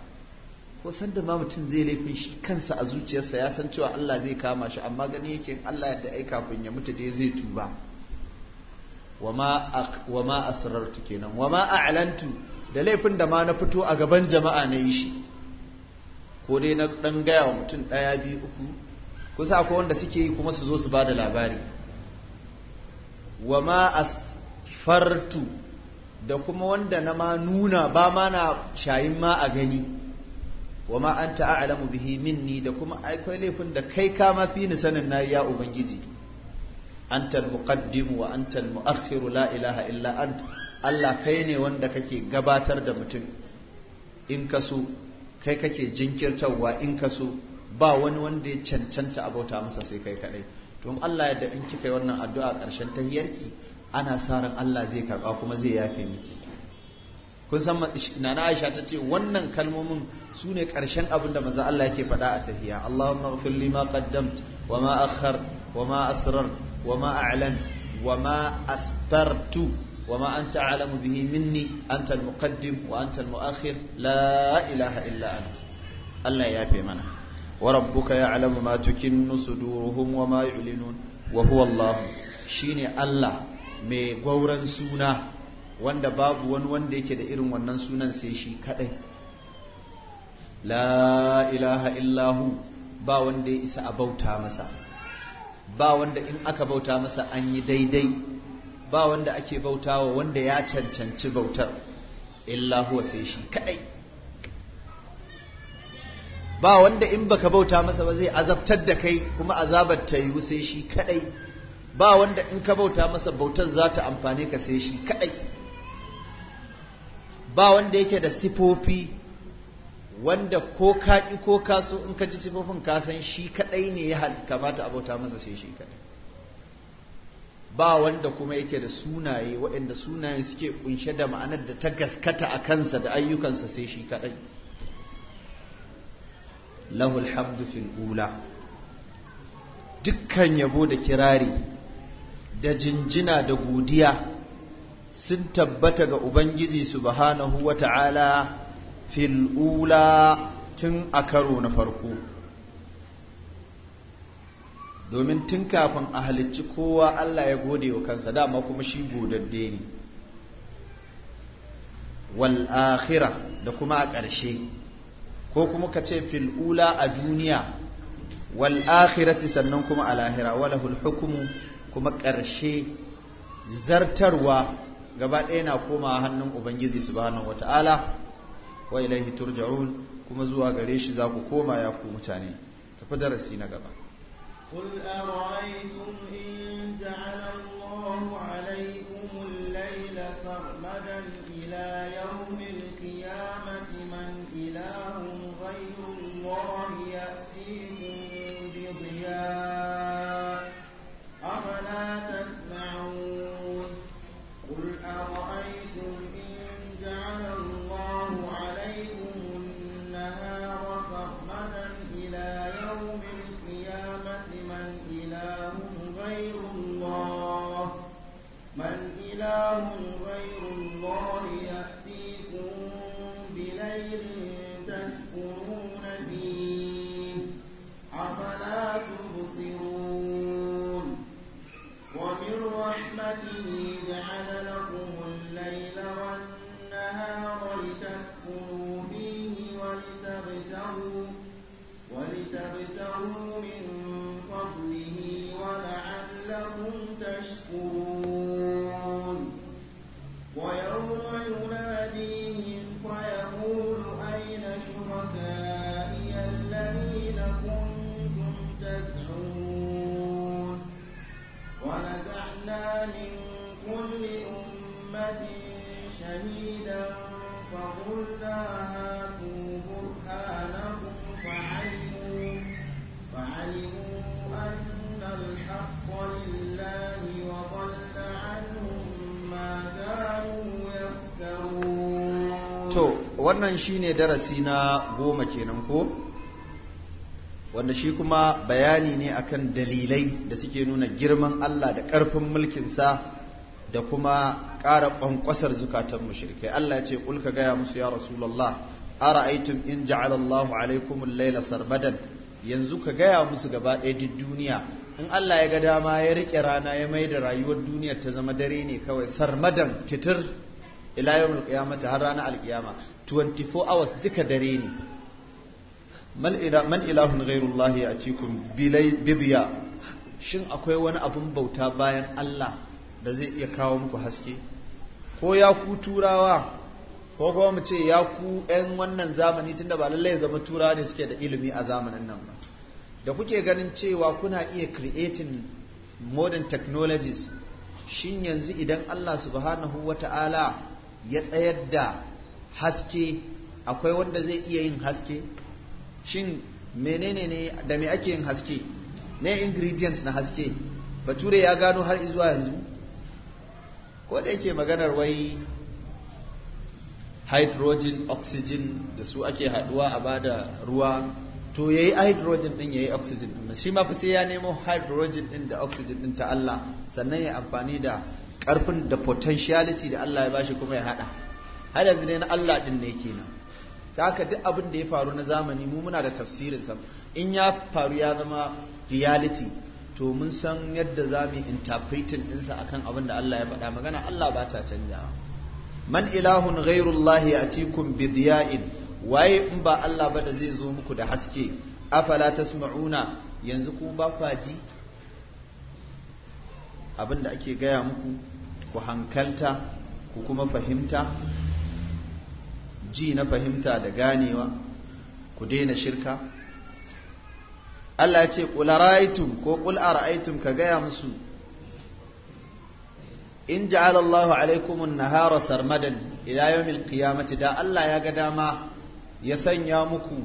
ko san da ma mutum zai laifin shi kansa a zuciyarsa ya san cewa Allah zai kama shi amma gani yake Allah yadda ai kafin ya mutu dai zai tuba wa ma asrartu kenan wa ma a'lantu da laifin da ma na fito a gaban jama'a na yi shi ko dai na ɗan gaya wa mutum ɗaya biyu uku kusa ko wanda suke yi kuma su zo su bada labari wa ma asfartu da kuma wanda na ma nuna ba ma na shayin ma a gani wa ma anta a'lamu bihi minni da kuma akwai laifin da kai ka ma fi ni sanin nayi ya ubangiji antal muqaddimu wa mu mu'akhiru la ilaha illa Allah kai ne wanda kake gabatar da mutum in ka kai kake jinkirtarwa in ka ba wani wanda ya cancanta abota masa sai kai kadai to Allah yadda in kika yi wannan addu'a ƙarshen tahiyarki ana sa ran Allah zai kaka kuma zai yafe miki kun san nana Aisha ta ce wannan kalmomin su ne ƙarshen abin da manzo Allah yake faɗa a tahiya Allahumma ighfir li ma qaddamt wa ma akhart wa ma asrart wa ma a'lant wa ma astartu wa ma anta a'lamu bihi minni anta al-muqaddim wa anta al-mu'akhir la ilaha illa ant Allah ya fi mana wa rabbuka ya'lamu ma tukinnu suduruhum wa ma yu'linun wa huwa Allah shine Allah mai gwauran suna wanda babu wani wanda yake da irin wannan sunan sai shi kadai la ilaha illahu ba wanda ya isa a bauta masa ba wanda in aka bauta masa an yi daidai ba wanda ake bautawa wanda ya cancanci bautar illahu wa sai shi kadai ba wanda in baka bauta masa ba zai azabtar da kai kuma azabar ta yiwu sai shi kadai ba wanda in ka bauta masa bautar za ta amfane ka sai shi kadai ba wanda yake da sifofi wanda ko ka ko kaso in ka ji sifofin ka san shi kaɗai ne ya kamata a bauta masa sai shi kaɗai ba wanda kuma yake da sunaye waɗanda sunaye suke ƙunshe da ma'anar da ta gaskata a kansa da ayyukansa sai shi kaɗai lahul hamdu fil ula dukkan yabo da kirari da jinjina da godiya sun tabbata ga ubangiji subhanahu wata'ala fil ula tun a karo na farko domin tun kafin a halicci kowa Allah ya gode wa kansa dama kuma shi godadde ne wal da kuma a ƙarshe ko kuma ka ce fil a duniya wal sannan kuma a lahira walahul hukumu kuma ƙarshe zartarwa gaba ɗaya na koma hannun ubangiji subhanahu wata'ala wa ilaihi turja'un kuma zuwa gare shi za ku koma ya ku mutane tafi darasi na gaba قل أرأيتم إن جعل الله عليكم الليل سرمدا إلى يوم القيامة من إله غير الله wannan shine darasi na goma kenan ko wanda shi kuma bayani ne akan dalilai da suke nuna girman Allah da ƙarfin mulkinsa da kuma ƙara ƙwanƙwasar zukatan mushrikai Allah ya ce ƙul gaya musu ya rasulullah ara'aytum in ja'ala Allahu alaykum al-layla sarmadan yanzu ka gaya musu gaba ɗaya duk duniya in Allah ya ga dama ya riƙe rana ya mai da rayuwar duniyar ta zama dare ne kawai sarmadan titir ila yawmul har ranar alƙiyama 24 hours duka dare ne man ilahun ghairullah ya atikun bidiya shin akwai wani abun bauta bayan Allah da zai iya kawo muku haske ko ya ku turawa ko kuma mu ce ya ku 'yan wannan zamani tunda ba lallai zama turawa ne suke da ilimi a zamanin nan ba da kuke ganin cewa kuna iya creating modern technologies shin yanzu idan Allah subhanahu wata'ala ya tsayar da haske akwai wanda zai iya yin haske shin menene ne da me ake yin haske ne ingredients na haske bature ya gano har zuwa yanzu ko da yake maganar wai hydrogen oxygen da su ake haduwa a bada ruwa to yayi hydrogen din yayi oxygen din shi ma fa sai ya nemo hydrogen din da oxygen din ta Allah sannan ya amfani da karfin da potentiality da Allah ya bashi kuma ya hada har yanzu ne na Allah din ne kenan ta haka duk abin da ya faru na zamani mu muna da tafsirin sa in ya faru ya zama reality to mun san yadda za mu din ɗinsa akan abin da Allah ya faɗa magana Allah ba ta canja man ilahun ghairullahi atikum bi diya'in waye in ba Allah ba da zai zo muku da haske afala tasma'una yanzu ku ba ku ji abin da ake gaya muku ku hankalta ku kuma fahimta ji na fahimta da ganewa ku daina shirka Allah ya ce qul ko qul ara'aytum ka gaya musu in ja'ala Allahu alaykum nahara sarmadan ila yawmil qiyamati da Allah ya ga dama ya sanya muku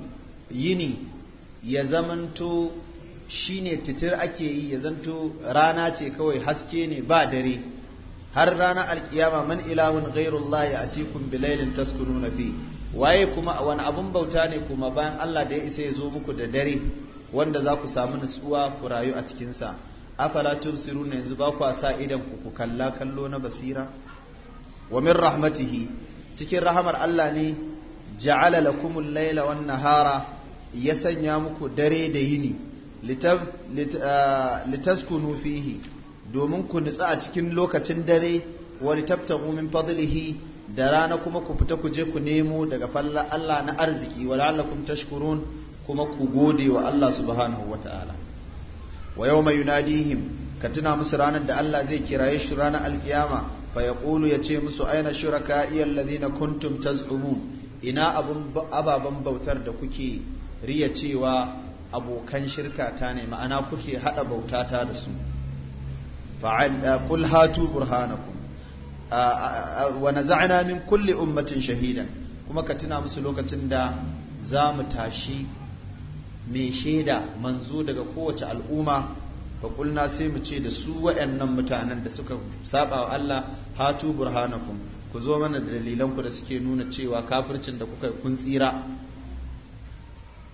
yini ya zamanto shine titir ake yi ya zanto rana ce kawai haske ne ba dare har ranar alkiyama man ilahun ghairullah ya atikum bilailin taskununa fi waye kuma wani abun bauta ne kuma bayan Allah da ya isa ya zo muku da dare wanda za ku samu nutsuwa ku rayu a cikin sa afala tubsiruna yanzu ba ku sa idan ku kalla kallo na basira wa min rahmatihi cikin rahamar Allah ne ja'ala lakumul laila wan nahara ya sanya muku dare da yini ah, litaskunu fihi domin ku nutsa a cikin lokacin dare wani tafta min fadlihi da rana kuma ku fita ku je ku nemo daga falla Allah na arziki wa la'allakum tashkurun kuma ku gode wa Allah subhanahu ta'ala. wa yawma yunadihim ka tuna musu ranar da Allah zai kiraye shi ranar alkiyama fa ya ce musu aina shuraka ladina kuntum taz'umun ina abun ababen bautar da kuke riya cewa abokan shirka ta ne ma'ana kuke hada bautata da su qul hatu burhanakum wa naza'na min kulli ummatin shahidan kuma ka tuna musu lokacin da za mu tashi mai shaida manzo daga kowace al'umma fa kulna sai mu ce da su waɗannan mutanen da suka saba wa Allah hatu burhanakum ku zo mana da dalilanku da suke nuna cewa kafircin da kuka kun tsira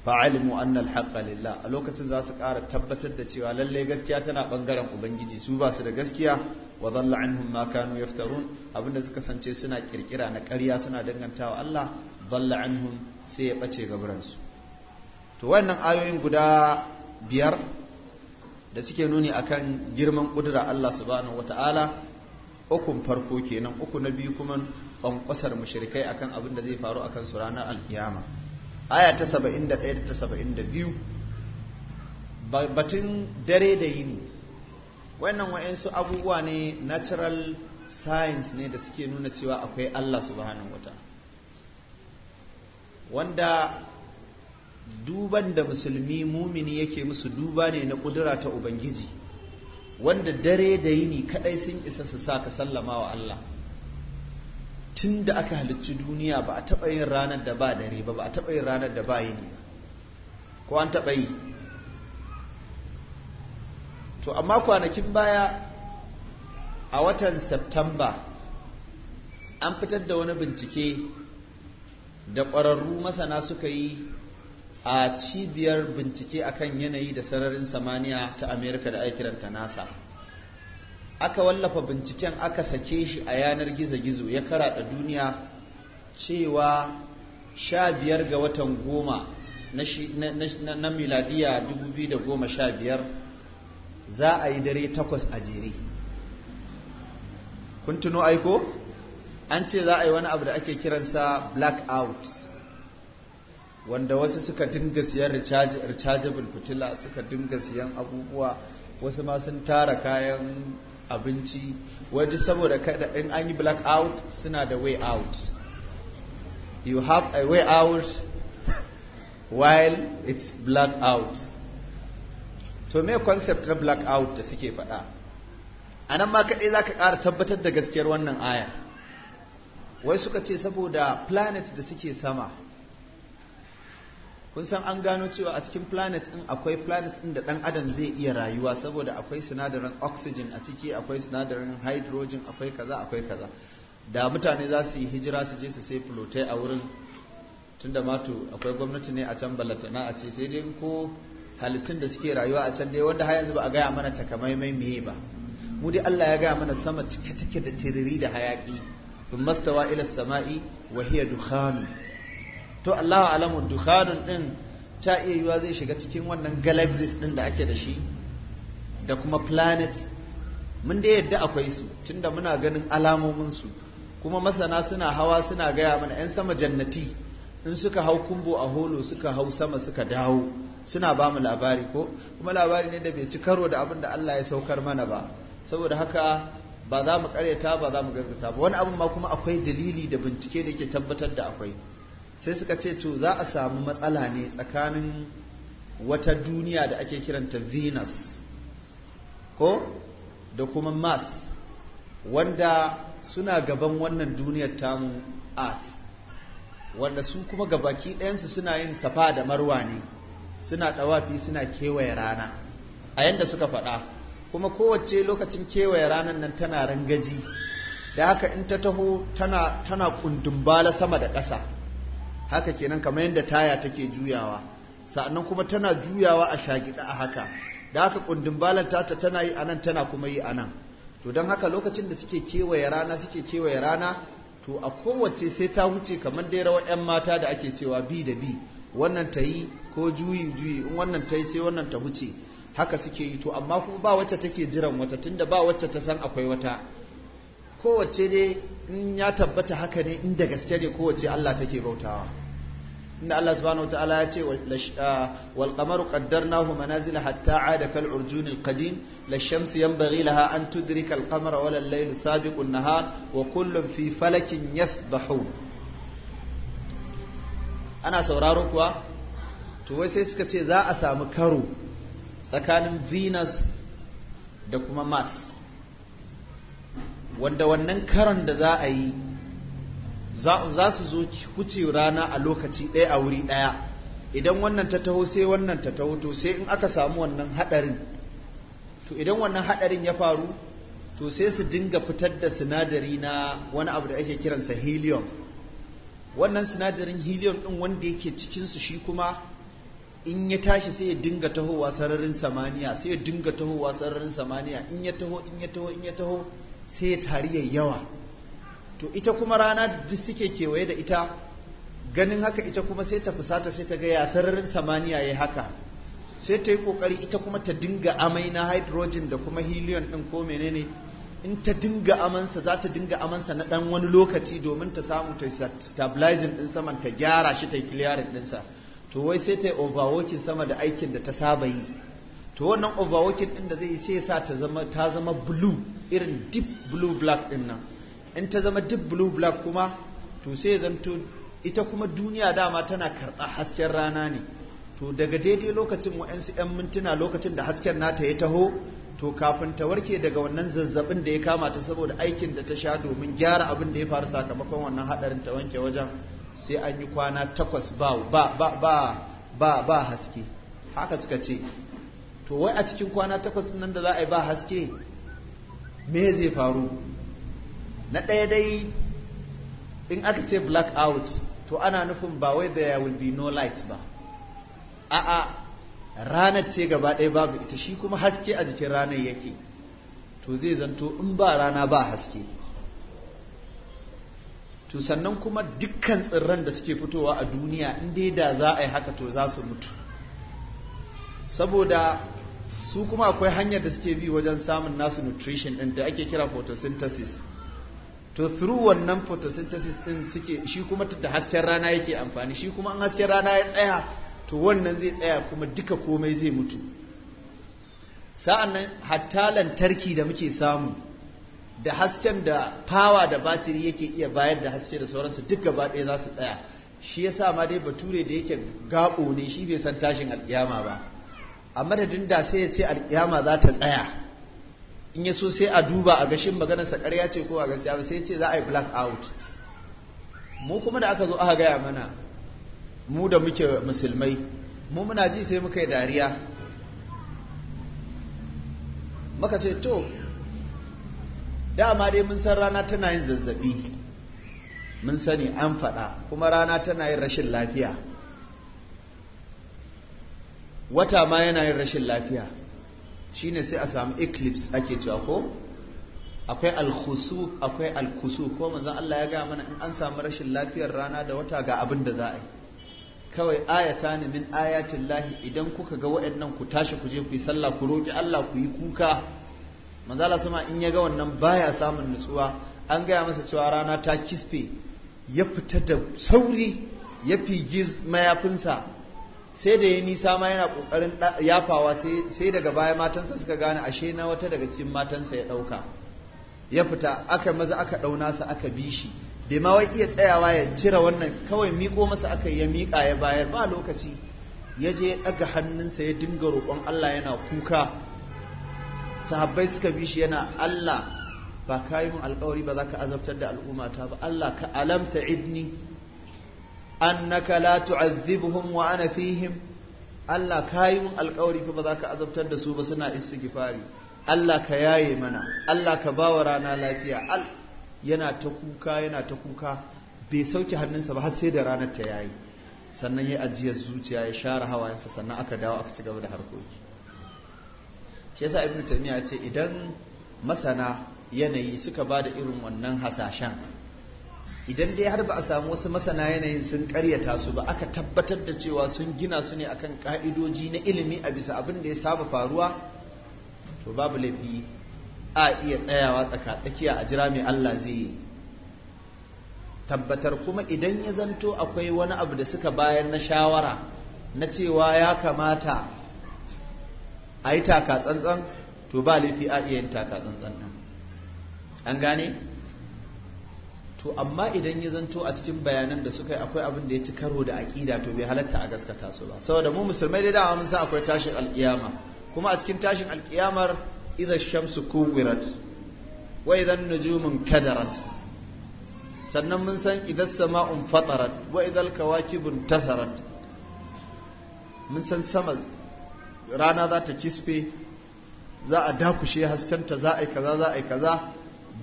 fa'alimu annal haqqa lillah a lokacin za su ƙara tabbatar da cewa lallai gaskiya tana bangaren ubangiji su ba su da gaskiya wa dhalla anhum ma kanu yaftarun abinda suka sance suna kirkira na ƙarya suna dangantawa Allah dhalla anhum sai ya bace gaburan to wannan ayoyin guda biyar da suke nuni akan girman kudura Allah subhanahu wataala ukun farko kenan uku na biyu kuma kwankwasar mushrikai akan abin da zai faru akan su ranar alkiyama aya ta 71 da ta 72 batun dare da yini wannan wa'ansu abubuwa ne natural science ne da suke nuna cewa akwai Allah subhanahu wata wanda duban da musulmi mumini yake musu duba ne na kudura ta ubangiji wanda dare da yini kadai sun isa su sa ka sallama wa Allah tun da aka halicci duniya ba a taɓa yin ranar da ba dare ba ba a taɓa yin ranar da ba yini ko an taɓa yi to amma kwanakin baya a watan Septamba an fitar da wani bincike da ƙwararru masana suka yi a cibiyar bincike akan yanayi da sararin samaniya ta amerika da aikiranta nasa aka wallafa binciken aka sake shi a yanar gizo-gizo ya da duniya cewa sha biyar ga watan goma na miladiya 2015 za a yi dare takwas a jere kun tuno aiko an ce za a yi wani abu da ake kiransa black out wanda wasu suka dinga siyan rechargeable fitila suka dinga siyan abubuwa wasu ma sun tara kayan abinci wajen saboda kada in an yi black out suna da way out you have a way out while it's black out to me concept na black out da suke faɗa a nan ma kaɗai za ka ƙara tabbatar da gaskiyar wannan aya wai suka ce saboda planets da suke sama kun san an gano cewa a cikin planet din akwai planet din da dan adam zai iya rayuwa saboda akwai sinadarin oxygen a ciki akwai sinadarin hydrogen akwai kaza akwai kaza da mutane za su yi hijira su je su sai fulotai a wurin tunda mato akwai gwamnati ne a can balatana a ce sai dai ko halittun da suke rayuwa a can dai wanda har yanzu ba a gaya mana takamaimai meye ba mu dai Allah ya gaya mana sama cike take da tiriri da hayaki bin mastawa ila sama'i wa hiya dukhanu to Allahu alamun dukhanun din ta iya yiwa zai shiga cikin wannan galaxies din da ake da shi da kuma planets mun da yadda akwai su tunda muna ganin alamomin su kuma masana suna hawa suna gaya mana 'yan sama jannati in suka hau kumbo a holo suka hau sama suka dawo suna ba mu labari ko kuma labari ne da bai ci karo da abin da Allah ya saukar mana ba saboda haka ba za mu karyata ba za mu gargata ba wani abin ma kuma akwai dalili da bincike da ke tabbatar da akwai sai suka ce to za a samu matsala ne tsakanin wata duniya da ake kiranta venus ko da kuma mars wanda suna gaban wannan duniyar tamu earth wanda su kuma gabaki ɗayansu suna yin safa da marwa ne suna ɗawafi suna kewaye rana a yadda suka faɗa kuma kowace lokacin kewaye ranar nan tana rangaji da haka in ta taho tana tana kundumbala sama da ƙasa haka kenan kamar yadda taya take juyawa sa'annan kuma tana juyawa a shagida a haka da haka kundin balanta ta tana yi anan tana kuma yi anan to don haka lokacin da suke kewaye rana suke kewaye rana to a kowace sai ta wuce kamar dai rawar 'yan mata da ake cewa bi da bi wannan ta yi ko juyi juyi in wannan ta yi sai wannan ta wuce haka suke yi to amma kuma ba wacce take jiran wata tunda ba wacce ta san akwai wata kowace dai in ya tabbata haka ne in da gaske ne kowace Allah take bautawa inda Allah subhanahu wa ta'ala ya ce wal ah, qamaru qaddarnahu manazila hatta ada kal urjunil qadim la shamsu yanbaghi laha an tudrika al qamara wala al laylu sabiqun nahar wa kullun fi falakin yasbahun ana sauraro kuwa to wai sai suka ce za a samu karo tsakanin venus da kuma mars wanda wannan karon da za a yi za su zo kuce rana a lokaci ɗaya a wuri ɗaya idan wannan ta taho sai wannan ta taho to sai in aka samu wannan haɗarin to idan wannan haɗarin ya faru to sai su dinga fitar da sinadari na wani abu da ake kiransa helium wannan sinadarin helium ɗin wanda yake cikinsu shi kuma in ya tashi sai ya dinga tahowa sararin samaniya sai ya dinga tahowa sararin samaniya in ya taho in ya taho in ya taho sai ya tari yawa to ita kuma rana da duk suke kewaye da ita ganin haka ita kuma sai ta fusata sai ta ga ya sararin samaniya ya haka sai ta yi kokari ita kuma ta dinga amai na hydrogen da kuma helium din ko menene in ta dinga amansa za ta dinga amansa na dan wani lokaci domin ta samu ta stabilizing din saman ta gyara shi ta yi din dinsa to wai sai ta yi overworking sama da aikin da ta saba yi to wannan overworking din da zai sai sa ta zama ta zama blue irin deep blue black din nan in ta zama duk blue black kuma to sai zanto ita kuma duniya dama tana karɓa hasken rana ne to daga daidai lokacin wa'ansu 'yan mintuna lokacin da hasken nata ya taho to kafin ta warke daga wannan zazzabin da ya kama ta saboda aikin da ta sha domin gyara abin da ya faru sakamakon wannan hadarin ta wanke wajen sai an yi kwana takwas ba ba ba haske haka suka ce to wai a cikin kwana takwas nan da za a yi ba haske me zai faru na ɗaya dai in aka ce black out to ana nufin ba wai there will be no light ba a'a ranar ce gaba ɗaya babu ita shi kuma haske a jikin ranar yake to zai zanto in ba rana ba haske to sannan kuma dukkan tsirran da suke fitowa a duniya in dai da za a yi haka to za su mutu saboda su kuma akwai hanyar da suke bi wajen samun nasu nutrition ɗin da ake kira photosynthesis to through wannan photosynthesis din suke shi kuma da hasken rana yake amfani shi kuma an hasken rana ya tsaya to wannan zai tsaya kuma duka komai zai mutu sa'an nan hatta lantarki da muke samu da hasken da fawa da batiri yake iya bayar da haske da sauransu duk gaba ɗaya za su tsaya shi ya sa ma dai bature da yake gaɓo ne shi bai san tashin alƙiyama ba a madadin da sai ya ce alƙiyama za ta tsaya in ya so sai a duba a gashin maganarsa ƙarya ce ko a gaskiya ba sai ce za a yi black out mu kuma da aka zo aka gaya mana mu da muke musulmai mu muna ji sai muka yi dariya Maka ce to dama dai mun san rana tana yin zazzabi mun sani an faɗa kuma rana tana yin rashin lafiya wata ma yana yin rashin lafiya Shi ne sai a samu eclipse ake cewa ko akwai alkhusu akwai alkusu ko manzan Allah ya ga mana in an samu rashin lafiyar rana da wata ga abin da za a yi kawai ayata ne min ayatin lahi idan kuka ga waɗannan ku tashi ku je ku yi sallah ku roƙi Allah ku yi kuka manzala sama in ya ga wannan baya samun nutsuwa an gaya masa cewa rana ta kispe ya fita da sauri ya fige mayafinsa sai da ya nisa ma yana kokarin yafawa sai daga baya matansa suka gane ashe na wata daga cikin matansa ya ɗauka ya fita aka maza aka dauna sa aka bi shi bai ma wai iya tsayawa ya cire wannan kawai miko masa aka ya miƙa ya bayar ba lokaci ya je ya daga hannunsa ya dinga roƙon Allah yana kuka sahabbai suka bi shi yana Allah ba ka yi mun alƙawari ba za ka azabtar da al'ummata ba Allah ka alamta idni annaka la tu'adhibuhum wa ana fihim Allah kayi mun alƙawari fa ba za ka azabtar da su ba suna istighfari Allah ka yaye mana Allah ka bawa rana lafiya al yana ta kuka yana ta kuka bai sauke hannunsa ba har sai da ranar ta yayi sannan ya ajiyar zuciya ya share hawayensa sannan aka dawo aka ci gaba da harkoki shi yasa ibnu tamiya ya ce idan masana yanayi suka ba da irin wannan hasashen idan dai har ba a samu wasu masana yanayin sun karyata su ba aka tabbatar da cewa sun gina su ne akan ka'idoji na ilimi a bisa abin da ya saba faruwa to babu laifi a iya tsayawa tsaka tsakiya a jira mai Allah zai yi tabbatar kuma idan ya zanto akwai wani abu da suka bayar na shawara na cewa ya kamata a yi taka tsantsan to ba laifi a iya yin taka tsantsan an gane? to amma idan ya zanto a cikin bayanan da suka yi akwai abin da ya ci karo da aƙida to bai halatta a gaskata su ba saboda mu musulmai da dama mun san akwai tashin alƙiyama kuma a cikin tashin alƙiyamar idza shamsu kuwirat wa idza nujumun kadarat sannan mun san idza sama'un fatarat wa idza kawakibun tatharat mun san sama rana za ta kisfe za a dakushe haskanta za a yi kaza za a yi kaza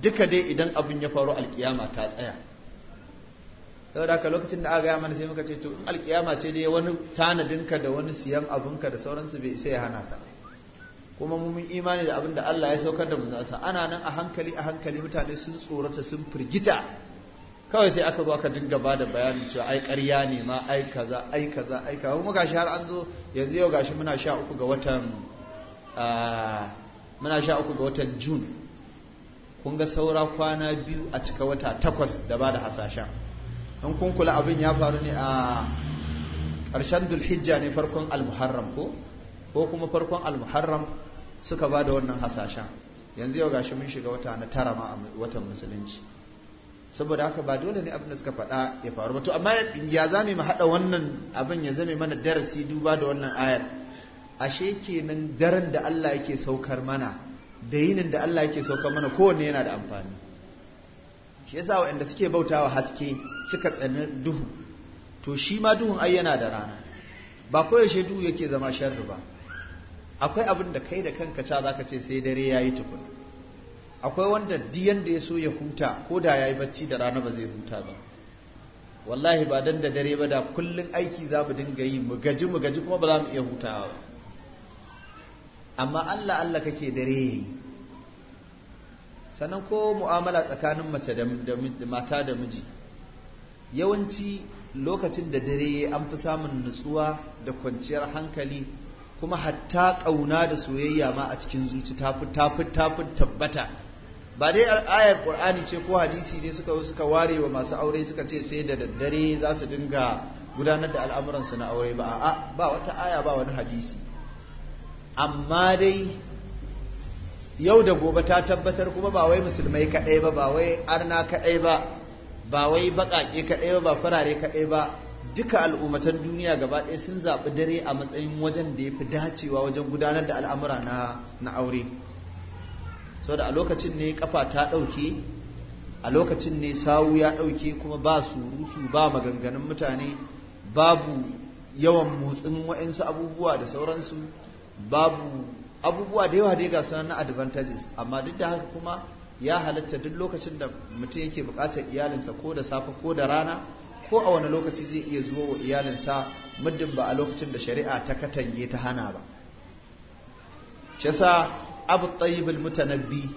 duka dai idan abin ya faru alkiyama ta tsaya saboda lokacin da aka gaya mana sai muka ce to alkiyama ce dai wani tanadinka da wani siyan abinka da sauransu bai isa ya hana ta. kuma mu mun imani da abin da Allah ya saukar da za sa ana nan a hankali a hankali mutane sun tsorata sun firgita kawai sai aka zo aka dinga bada bayanin cewa ai ƙarya ne ma ai kaza ai kaza ai kaza kuma gashi har an zo yanzu yau gashi muna sha uku ga watan ah, muna sha uku ga watan June kun ga saura kwana biyu a cika wata takwas da ba da hasashen in kun abin ya faru ne a ƙarshen dulhijja ne farkon almuharram ko ko kuma farkon almuharram suka ba da wannan hasashen yanzu yau gashi mun shiga wata na tara ma watan musulunci saboda haka ba dole ne abin da suka faɗa ya faru ba to amma ya zame mu haɗa wannan abin ya zame mana darasi duba da wannan ayar ashe kenan daren da Allah yake saukar mana da yinin da Allah yake sauka mana kowanne yana da amfani shi yasa waɗanda suke bautawa haske suka tsani duhu to shi ma duhun ai yana da rana ba koyaushe duhu yake zama sharri ba akwai abin da kai da kanka ca zaka ce sai dare yayi tukun akwai wanda diyan da ya so ya huta ko da yayi bacci da rana ba zai huta ba wallahi ba dan da dare ba da kullun aiki za mu dinga yi mu gaji mu gaji kuma ba za mu iya hutawa ba amma Allah Allah kake dare sanan ko mu'amala tsakanin mace da mata da miji yawanci lokacin da dare an fi samun nutsuwa da kwanciyar hankali kuma hatta ƙauna da soyayya ma a cikin zuci tafi tafi tafi tabbata ba dai ayar qur'ani ce ko hadisi ne suka suka ware wa masu aure suka ce sai da daddare za su dinga gudanar da al'amuransu na aure ba a ba wata aya ba wani hadisi amma dai yau da gobe ta tabbatar kuma ba wai musulmai kaɗai ba ba wai arna kaɗai ba ba wai baƙaƙe kaɗai ba ba farare kaɗai ba duka al'ummatan duniya gaba ɗaya sun zaɓi dare a matsayin wajen da ya fi dacewa wajen gudanar da al'amura na aure saboda a lokacin ne kafa ta ɗauke a lokacin ne sawu ya ɗauke kuma ba surutu ba maganganun mutane babu yawan motsin wa'insu abubuwa da sauransu babu abubuwa da yawa dai ga sunan na advantages amma duk da haka kuma ya halatta duk lokacin da mutum yake buƙatar iyalinsa ko da safe ko da rana ko a wani lokaci zai iya zuwa wa iyalinsa muddin ba a lokacin da shari'a ta katange ta hana ba shi yasa abu tayyib mutanabbi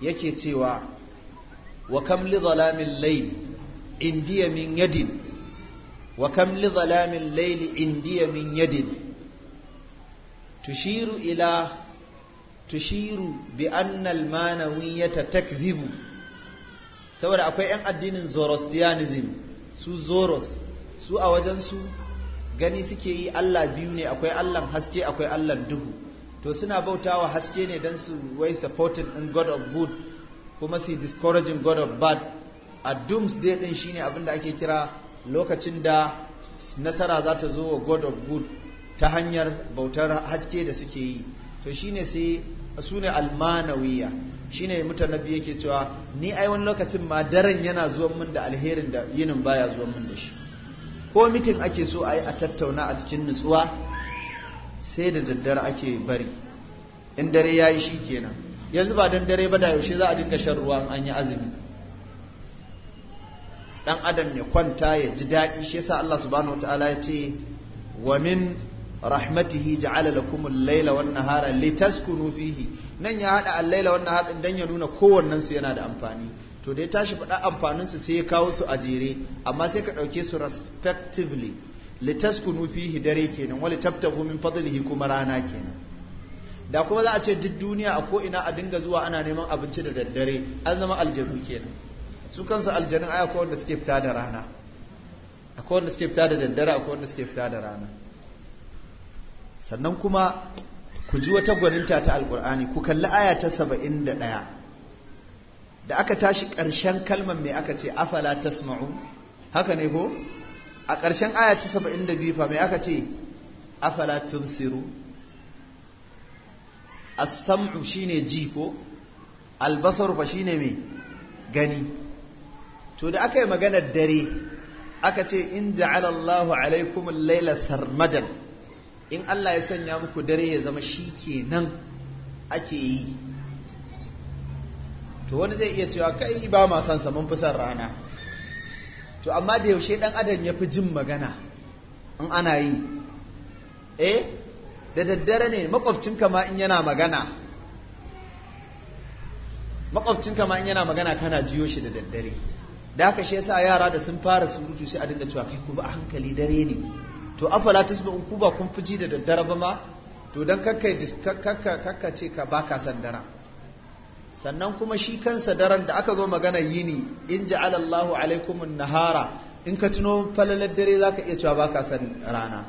yake cewa wa kam li zalamin layl indiya min yadin wa kam li zalamin layl indiya min yadin tushiru ila tushiru بأن المانوية تكذب سواء saboda akwai yan addinin zoroastrianism su zoros su a wajen su gani suke yi Allah biyu ne akwai Allah haske akwai Allah duhu to suna bautawa haske ne dan su wai supporting in god of good kuma su discouraging god of bad a doomsday din shine abin da ake kira lokacin da nasara za ta zo wa god of good ta hanyar bautar haske da suke yi to shine sai su ne almanawiya shine mutanabi yake cewa ni ai wani lokacin ma daren yana zuwan min da alherin da yinin baya zuwan min da shi ko mitin ake so ai a tattauna a cikin nutsuwa sai da daddare ake bari in dare yayi shi kenan yanzu ba dan dare ba da yaushe za a dinga shan ruwan an yi azumi dan adam ya kwanta ya ji daɗi shi yasa Allah subhanahu wataala ya ce wa min rahmatihi ja'ala lakum al-laila wan nahara litaskunu fihi nan ya hada al-laila wan nahara dan ya nuna kowannen su yana da amfani to dai tashi faɗa amfanin su sai ya kawo su a jere amma sai ka ɗauke su respectively litaskunu fihi dare kenan wali tabtahu min fadlihi kuma rana kenan da kuma za a ce duk duniya a ko ina a dinga zuwa ana neman abinci da daddare an zama aljanu kenan su kansu aljanun ai akwai wanda suke fita da rana akwai wanda suke fita da daddare akwai wanda suke fita da rana sannan kuma ku ji wata gwaninta ta alkur'ani ku kalli aya ta saba'in da ɗaya da aka tashi ƙarshen kalmar mai aka ce afala tasma'u haka ne ko a ƙarshen aya ta saba'in da biyu fa mai aka ce afala tumsiru as-sam'u shine ji ko albasaru fa shine mai gani to da aka yi maganar dare aka ce in ja'ala Allahu alaikum al-laila sarmadan in Allah ya sanya muku dare ya zama shi kenan ake yi to wani zai iya cewa kai ba ma san sa mun rana to amma da yaushe dan adam ya fi jin magana in ana yi eh da daddare ne makwabcinka ma in yana magana makwabcinka ma in yana magana kana jiyo shi da daddare da haka shi yasa yara da sun fara surutu sai a dinga cewa kai ku ba hankali dare ne to afala in ku ba kun fi ji da daddare ba ma to dan kakka kakka ce ka baka san dara sannan kuma shi kansa daren da aka zo magana yini in ja'ala Allahu na nahara in ka tuno falalar dare zaka iya cewa baka san rana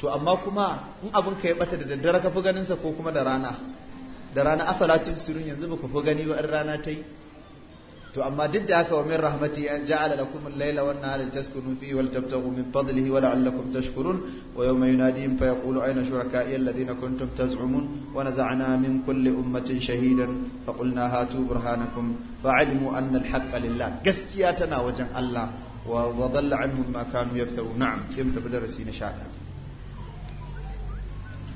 to amma kuma in abin ka ya bata da daddare ka fi ganin sa ko kuma da rana da rana afala tubsirun yanzu ba ku fi gani ba in rana ta yi to amma duk da haka wa min rahmati an ja'ala lakum al-layla wan nahara litaskunu fihi wal tabtaghu min fadlihi wa la'allakum tashkurun wa yawma yunadihim fa yaqulu ayna shuraka'i alladhina kuntum taz'umun wa naza'na min kulli ummatin shahidan fa qulna hatu burhanakum fa 'alimu anna al-haqqa lillah gaskiya tana wajen Allah wa dhalla 'anhum ma kanu yaftarun na'am sai mu tafi darasi na 11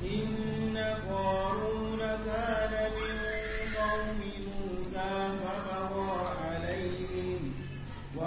إن قارون كان من قوم موسى فبغى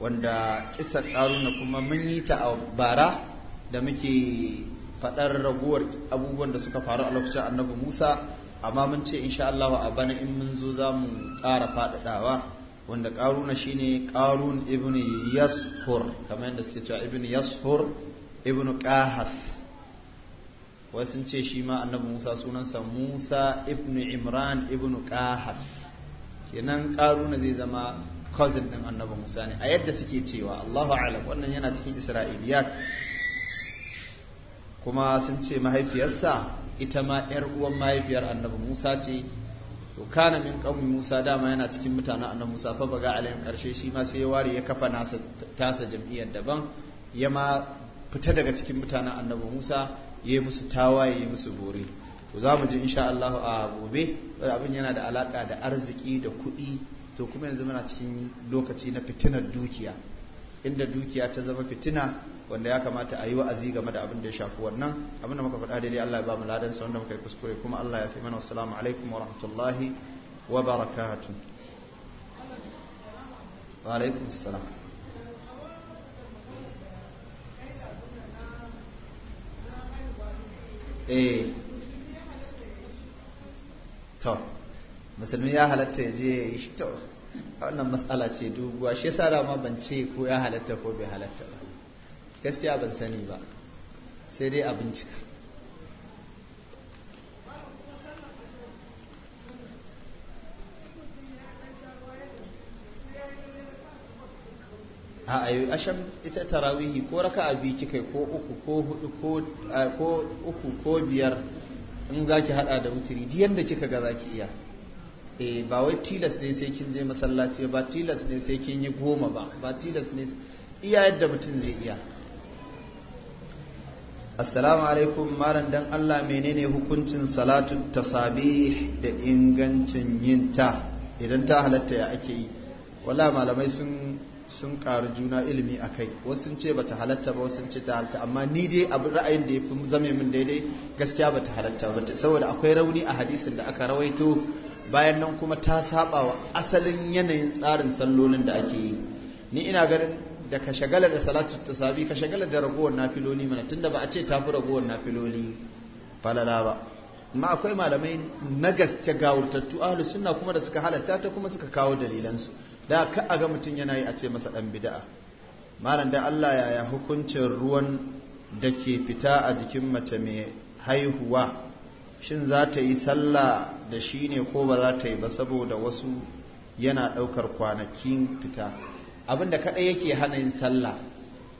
wanda kisan ƙaruna kuma mun yi ta a bara da muke faɗar raguwar abubuwan da suka faru a lokacin annabi musa amma mun ce insha Allah a bana in mun zo za mu ƙara faɗaɗawa wanda ƙaruna shine ƙarun ibn yashur kamar yadda suke cewa ibn yashur ibn qahaf wasu sun ce shi ma annabi musa sunansa musa ibn imran ibn qahaf kenan ƙaruna zai zama cousin din annabi Musa ne a yadda suke cewa Allahu a'lam wannan yana cikin Isra'iliyat kuma sun ce mahaifiyarsa ita ma yar uwan mahaifiyar annabi Musa ce to kana min qaumi Musa dama yana cikin mutanen annabi Musa fa baga alayhim karshe shi ma sai ya ware ya kafa nasa tasa jam'iyyar daban ya ma fita daga cikin mutanen annabi Musa yayi musu tawaye yayi musu bore to za mu ji insha Allah a gobe abin yana da alaka da arziki da kuɗi to kuma yanzu muna cikin lokaci na fitinar dukiya inda dukiya ta zama fitina wanda ya kamata a yi wa'azi game da abin da ya shafi wannan abin da muka faɗa daidai Allah ya ba mu ladan sa wanda muka yi kuskure kuma Allah ya fi mana assalamu alaikum wa rahmatullahi wa barakatuh wa alaikum assalam eh to musulmi ya halatta ya je ya yi shi wannan matsala ce doguwa shi yasa dama ban ce ko ya halatta ko bai halatta ba gaskiya ban sani ba sai dai a bincika a ayi asham ita tarawihi ko raka a biyu kika ko uku ko hudu ko uku ko biyar in zaki hada da wutiri duk yadda kika ga zaki iya eh ba wai tilas ne sai kin je masallaci ba tilas ne sai kin yi goma ba ba tilas ne iya yadda mutum zai iya assalamu alaikum malam dan Allah menene hukuncin salatu tasabih da ingancin yin ta idan ta halatta ya ake yi wala malamai sun sun karu juna ilimi a kai wasu ce bata halatta ba wasu ce ta halatta amma ni dai abin ra'ayin da ya fi zame min daidai gaskiya bata halatta ba saboda akwai rauni a hadisin da aka rawaito bayan nan kuma ta saba wa asalin yanayin tsarin sallolin da ake yi ni ina ganin da ka shagala da salatu tasabi ka shagala da ragowar nafiloli mana tunda ba a ce tafi ragowar nafiloli falala ba amma akwai malamai na gaske gawurtattu ahlu sunna kuma da suka halatta ta kuma suka kawo dalilansu da ka a ga mutum yana yi a ce masa dan bida'a. malam da Allah ya ya hukuncin ruwan da ke fita a jikin mace mai haihuwa shin za ta yi sallah da shi ne ko ba za ta yi ba saboda wasu yana ɗaukar kwanakin fita abin da kaɗai yake hana yin sallah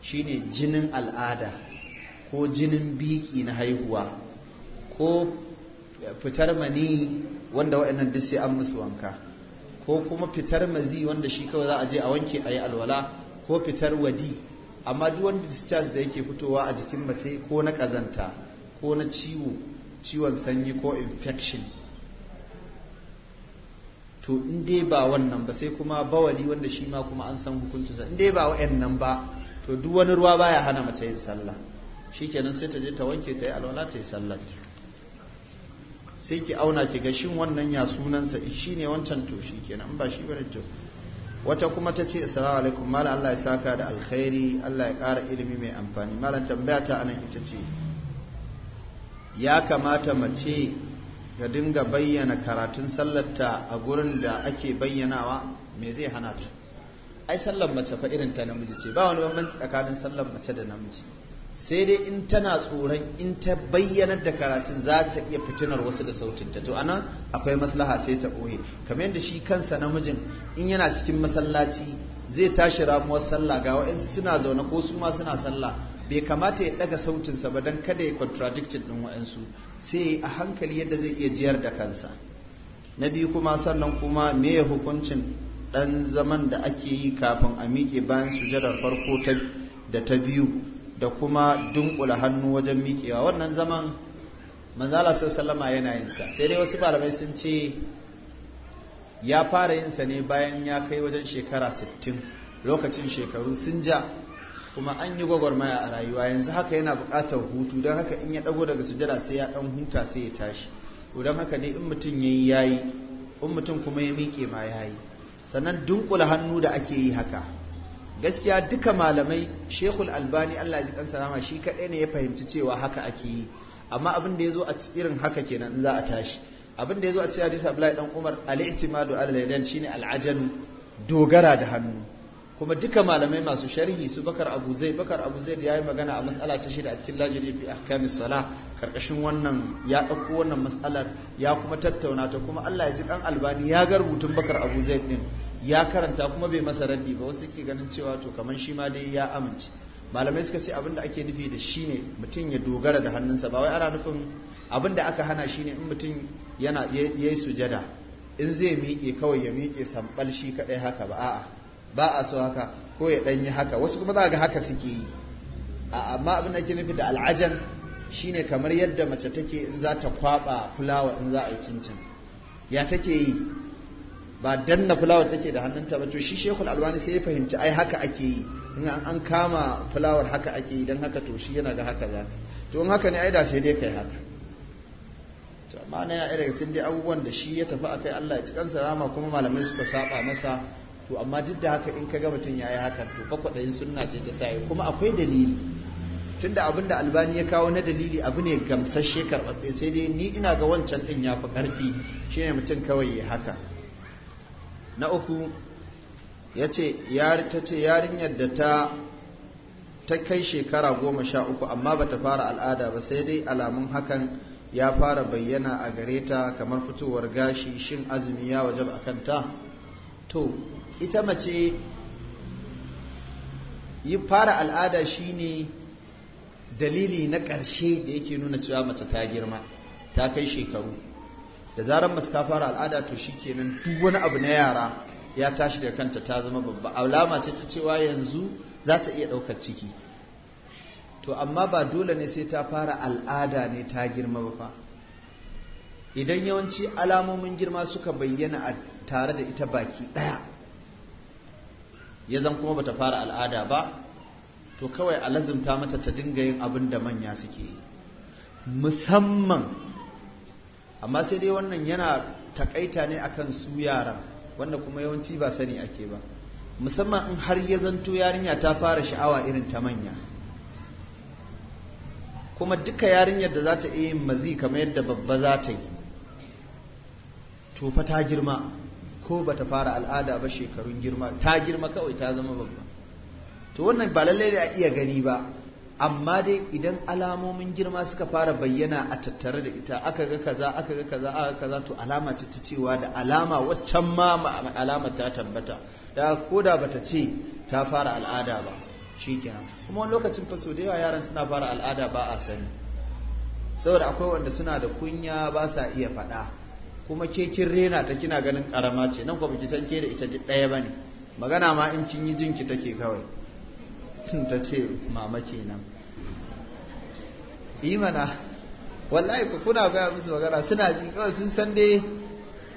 shine jinin al'ada ko jinin biki na haihuwa ko fitar mani wanda waɗannan duk sai an musu wanka ko kuma fitar mazi wanda shi kawai za a je a wanke a yi alwala ko fitar wadi amma duk wani discharge da yake fitowa a jikin mace ko na ƙazanta ko na ciwo ciwon sanyi ko infection to in dai ba wannan ba sai kuma bawali wanda shi ma kuma an san sa in dai ba wa'annan ba to duk wani ruwa baya hana mace yin sallah shikenan sai ta je ta wanke ta yi alwala ta yi sallar ta sai ki auna ki ga shin wannan ya sunansa eh, shi ne wancan to shikenan ba shi bane to wata kuma ta ce assalamu alaikum malam Allah ya saka da alkhairi Allah ya ƙara ilimi mai amfani malam tambaya ta anan ita ce ya kamata mace ga dinga bayyana karatun sallarta a gurin da ake bayyanawa me zai hana ta ai sallar mace fa irin ta namiji ce ba wani bambanci tsakanin sallar mace da namiji sai dai in tana tsoron in ta bayyanar da karatun za ta iya fitinar wasu da sautin ta, to anan akwai maslaha sai ta ɓoye kamar yadda shi kansa namijin in yana cikin masallaci zai tashi ramuwar sallah ga wa'in suna zaune ko su ma suna sallah bai kamata ya daga sautinsa ba don kada ya contradiction ɗin wa'ansu sai a hankali yadda zai iya jiyar da kansa na biyu kuma sannan kuma me hukuncin ɗan zaman da ake yi kafin a miƙe bayan sujadar farko da ta biyu da kuma dunkula hannu wajen miƙewa wannan zaman manzala sallama yana yin sa sai dai wasu malamai sun ce ya fara yin sa ne bayan ya kai wajen shekara 60 lokacin shekaru sun ja kuma an yi gwagwarmaya a rayuwa yanzu haka yana buƙatar hutu don haka in ya ɗago daga sujada sai ya ɗan huta sai ya tashi don haka dai in mutum ya yi ya yi in mutum kuma ya miƙe ma ya yi sannan dunkula hannu da ake yi haka gaskiya duka malamai shekul albani allah ji kansa rama shi kaɗai ne ya fahimci cewa haka ake yi amma abin da ya zo a irin haka kenan in za a tashi abin da ya zo a cikin hadisi abdullahi dan umar al'itimadu itimadu al shine al'ajanu dogara da hannu kuma duka malamai masu sharhi su bakar abu zai bakar abu zai ya yi magana a matsala ta shida a cikin lajiri fi ahkamis sala karkashin wannan ya ɗauko wannan matsalar ya kuma tattauna ta kuma Allah ya ji kan albani ya ga rubutun bakar abu zai din ya karanta kuma bai masa raddi ba wasu ke ganin cewa to kamar shi ma dai ya amince malamai suka ce abinda ake nufi da shi ne mutum ya dogara da hannunsa ba wai ana nufin da aka hana shi ne in mutum yana yayi sujada in zai miƙe kawai ya miƙe sambal shi kaɗai haka ba a'a ba a so haka ko ya yi haka wasu kuma za ga haka suke yi amma abin da ke nufi da al'ajan shine kamar yadda mace take in za ta kwaba fulawa in za a yi cincin ya take yi ba danna fulawa take da hannunta ba to shi shekul albani sai ya fahimci ai haka ake yi in an kama fulawar haka ake yi don haka to shi yana ga haka za ka to in haka ne ai da sai dai kai haka to amma na yana daga cikin dai abubuwan da shi ya tafi akai Allah ya ci kansa rama kuma malamai suka saba masa to amma duk da haka in ka ga mutum ya yi hakan to fa kwaɗayin sunna ce ta sai kuma akwai dalili tunda abin da albani ya kawo na dalili abu ne gamsashe karɓaɓɓe sai dai ni ina ga wancan din ya fi ƙarfi shi ne mutum kawai ya haka na uku yace yar ta ce yarinyar da ta ta kai shekara goma sha uku amma ba ta fara al'ada ba sai dai alamun hakan ya fara bayyana a gareta kamar fitowar gashi shin azumi ya wajaba a kanta to ita mace yi fara al'ada shine dalili na ƙarshe da yake nuna cewa mace ta girma ta kai shekaru da zarar mace ta fara al'ada to shi shikenan duk wani abu na yara ya tashi da kanta ta zama babba alama ce ta cewa yanzu za ta iya ɗaukar ciki to amma ba dole ne sai ta fara al'ada ne ta girma ba fa idan yawanci alamomin girma suka bayyana a tare da ita baki ɗaya ya zan kuma bata fara al'ada ba to kawai a lazimta mata ta dinga yin abin da manya suke yi musamman amma sai dai wannan yana takaita ne akan su yara, wanda kuma yawanci ba sani ake ba musamman in har ya zanto yarinya ta fara sha'awa irin ta manya kuma duka yarinyar da za ta iya yin mazi kamar yadda babba za ta yi tofa ta girma ko bata fara al'ada ba shekarun girma ta girma kawai ta zama babba to wannan ba lallai da a iya gani ba amma dai idan alamomin girma suka fara bayyana a tattare da ita aka ga kaza aka ga kaza aka ga kaza to alama ce ta cewa da alama waccan ma alama ta tabbata da koda bata ce ta fara al'ada ba shikenan kuma wani lokacin fa so da yawa yaran suna fara al'ada ba a sani saboda akwai wanda suna da kunya ba sa iya faɗa kuma ke kin rena ta kina ganin karama ce nan ko biki san ke da ita duk ɗaya bane magana ma in kin yi jinki take kawai [LAUGHS] ta ce mama kenan imana wallahi ku kuna gaya musu magana suna ji kawai sun san dai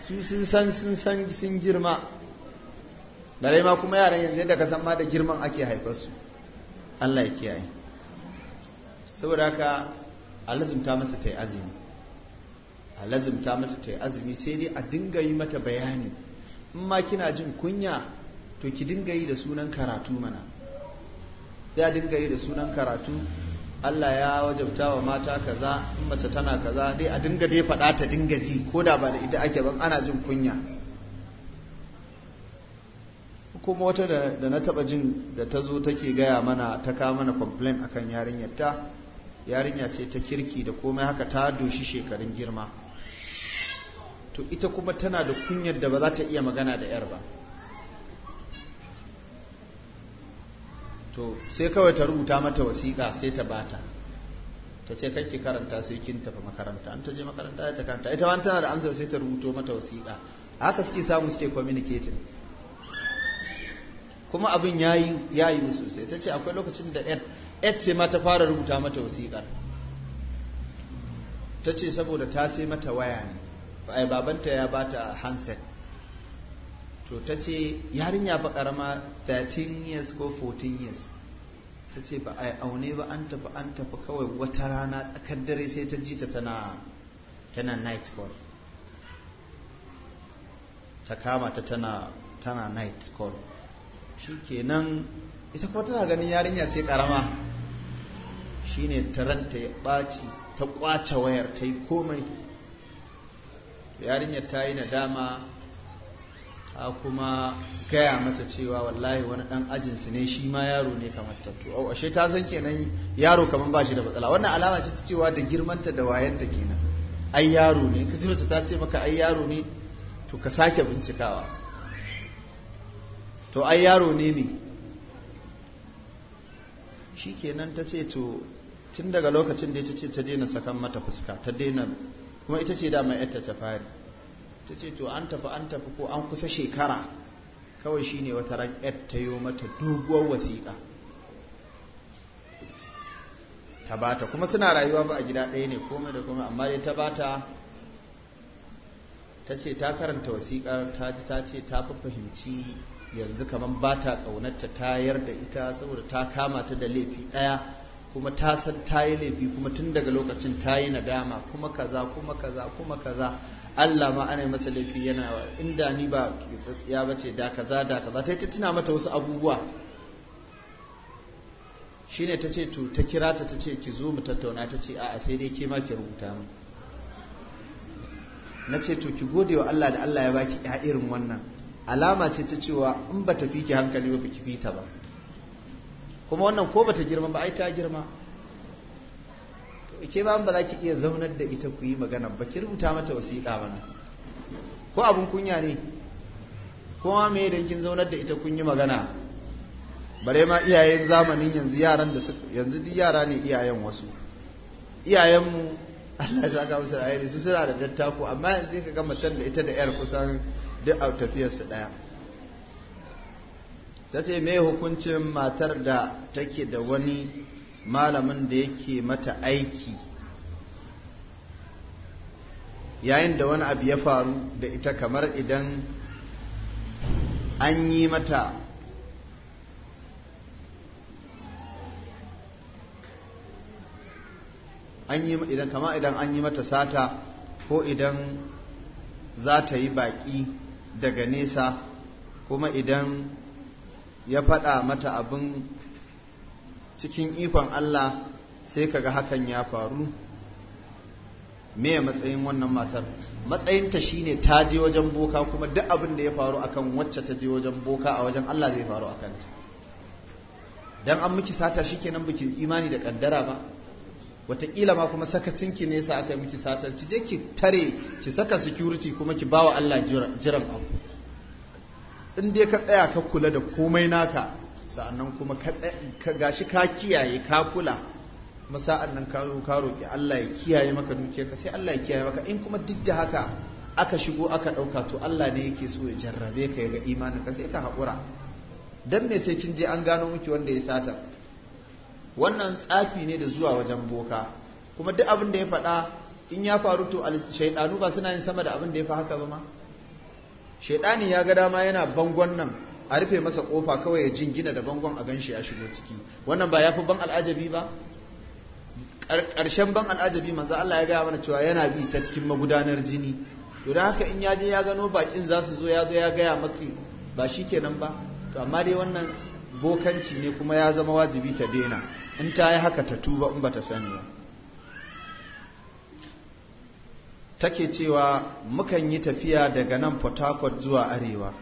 su sun san sun san sun girma da ma kuma yaran yanzu yadda ka san ma da girman ake haifar su Allah ya kiyaye saboda haka a lazumta masa ta yi azumi a lazimta mata ta yi azumi sai dai a dinga yi mata bayani in ma kina jin kunya to ki dinga yi da sunan karatu mana ya dinga yi da sunan karatu Allah ya wajabta wa mata kaza in mace tana kaza dai a dinga dai faɗa ta dinga ji ko da ba da ita ake ban ana jin kunya kuma wata da na taɓa jin da ta zo take gaya mana ta kawo mana complain akan yarinyar ta yarinya ce ta kirki da komai haka ta doshi shekarun girma to ita kuma tana da kunyar da ba za ta iya magana da yar ba to sai kawai ta rubuta mata wasiƙa sai ta bata ta ce kai ki karanta sai kin tafi makaranta an ta je makaranta ta karanta ita wani tana da amsar sai ta rubuto mata wasiƙa haka suke samu suke communicating kuma abin ya yi musu sai ta ce akwai lokacin da ed ce ma ta fara rubuta mata wasiƙar ta ce saboda ta sai mata waya ne ai babanta ya bata handset to ta ce yarinya fa karama 13 years ko 14 years ta ce ba a aune ba an tafi an tafi kawai wata rana tsakar dare sai ta ji ta tana tana night call ta kama ta tana tana night call shikenan ita kuma tana ganin yarinya ce karama shine ta ranta ya ɓaci ta kwace wayar ta yi komai yarinyar ta yi nadama a kuma gaya mata cewa wallahi wani dan ajinsu ne shi ma yaro ne kamar tattu au ashe ta san kenan yaro kamar ba shi da matsala wannan alama ce ta cewa da girmanta da wayanta kenan ai yaro ne ka ji ta ce maka ai yaro ne to ka sake bincikawa to ai yaro ne ne shi kenan ta ce to tun daga lokacin da ta ce ta daina sakan mata fuska ta daina kuma ita ce dama yadda ta fari ta ce to an tafi an tafi ko an kusa shekara kawai shine wata ran yar ta yo mata doguwar wasiƙa ta bata kuma suna rayuwa ba a gida ɗaya ne komai da komai amma dai ta bata ta ce ta karanta wasiƙar ta ji ta ce ta fi fahimci yanzu kamar ba ta ƙaunarta ta yarda ita saboda ta kama ta da laifi ɗaya kuma ta san ta yi laifi kuma tun daga lokacin ta yi nadama kuma kaza kuma kaza kuma kaza Allah ma ana masa laifi yana inda ni ba tsatsiya ba ce da kaza da kaza ta yi tuna mata wasu abubuwa shine ta ce to ta kira ta ta ce ki zo mu tattauna ta ce a'a sai dai ke ma ki rubuta mu na ce to ki gode wa Allah da Allah ya baki ya irin wannan alama ce ta cewa in ba ta fi ki hankali ba ki fita ba kuma wannan ko bata girma ba ai ta girma to ke ba ba za ki iya zaunar da ita ku yi magana ba ki rubuta mata wasiƙa ba mana ko abun kunya ne kuma me dan kin zaunar da ita kun yi magana bare ma iyayen zamanin yanzu yaran da yanzu duk yara ne iyayen wasu iyayen mu Allah ya saka musu rayuwa su suna da dattako amma yanzu ka ga macen da ita da yar kusan duk a tafiyar su daya ta ce me hukuncin matar da take da wani malamin da yake mata aiki yayin da wani abu ya faru da ita kamar idan an yi mata idan kama idan an yi mata sata ko idan za ta yi baƙi daga nesa kuma idan ya faɗa mata abin cikin ikon Allah sai ka ga hakan ya faru me matsayin wannan matar matsayinta shine ta je wajen boka kuma duk abin da ya faru akan wacce ta je wajen boka a wajen Allah zai faru akan ta dan an miki sata shikenan biki imani da kaddara ba watakila ma kuma sakacinki ne yasa aka yi miki satar ki je ki tare ki saka security kuma ki bawa Allah jiran abu in dai ka tsaya ka kula da komai naka sa'annan kuma ka gashi ka kiyaye ka kula masa'an nan ka zo ka roƙi Allah ya kiyaye maka ka, sai Allah ya kiyaye maka in kuma duk da haka aka shigo aka ɗauka to Allah ne yake so ya jarrabe ka ya ga ka, sai ka haƙura dan me sai kin je an gano miki wanda ya sata wannan tsafi ne da zuwa wajen boka kuma duk abin da ya faɗa in ya faru to shaidanu ba suna yin sama da abin da ya fi haka ba ma shaidani ya ga dama yana bangon nan a rufe masa kofa kawai ya jingina da bangon a ganshi ya shigo ciki wannan ba ya fi ban al'ajabi ba ƙarshen ban al'ajabi manzo Allah ya gaya mana cewa yana bi ta cikin magudanar jini to dan haka in ya je ya gano bakin za su zo ya zo ya gaya maki ba shi kenan ba to amma dai wannan bokanci ne kuma ya zama wajibi ta daina in ta yi haka ta tuba in ba ta sani ba take cewa mukan yi tafiya daga nan port harcourt zuwa arewa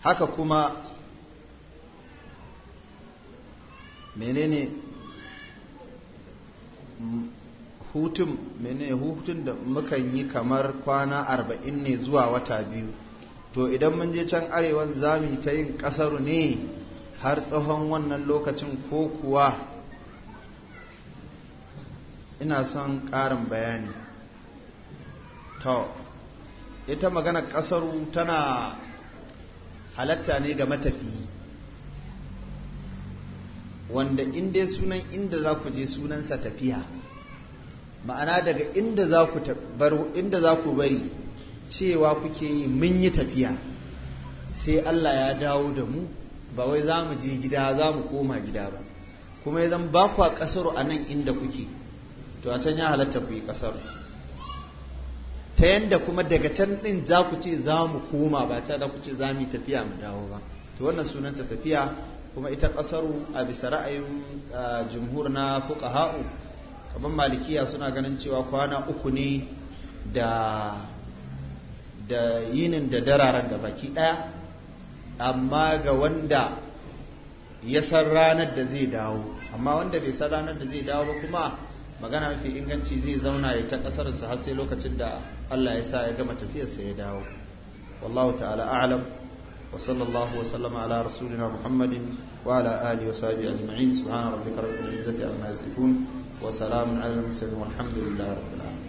haka kuma menene hutun menene hutun da mukan yi kamar kwana arba'in ne zuwa wata biyu to idan mun je can arewan zami ta yin kasaru ne har tsohon wannan lokacin ko kuwa ina son ƙarin bayani to ita magana kasar tana halatta ne ga matafiyi wanda inda sunan inda za ku je sunansa tafiya ma'ana daga inda za ku inda za ku bari cewa kuke yi mun yi tafiya sai Allah ya dawo da mu ba wai za mu je gida za mu koma gida ba kuma idan ba bakwa kasaru a nan inda kuke to a can ya halatta ku yi kasaru ta yadda kuma daga can din za ku ce za mu koma ba ta da ku ce za mu tafiya mu dawo ba to wannan sunan ta tafiya kuma ita ƙasar a bisa ra'ayin jumhur na fuqaha'u kamar malikiya suna ganin cewa kwana uku ne da da yinin da dararen da baki daya amma ga wanda ya san ranar da zai dawo amma wanda bai san ranar da zai dawo ba kuma magana mafi inganci zai zauna ya ta ƙasarsa har sai lokacin da Allah ya sa ya gama tafiyarsa ya dawo wallahu ta'ala a'lam wa sallallahu wa sallama ala rasulina muhammadin wa ala alihi wa sahbihi ajma'in subhana rabbika rabbil izzati amma yasifun wa salamun ala al mursalin walhamdulillahi rabbil alamin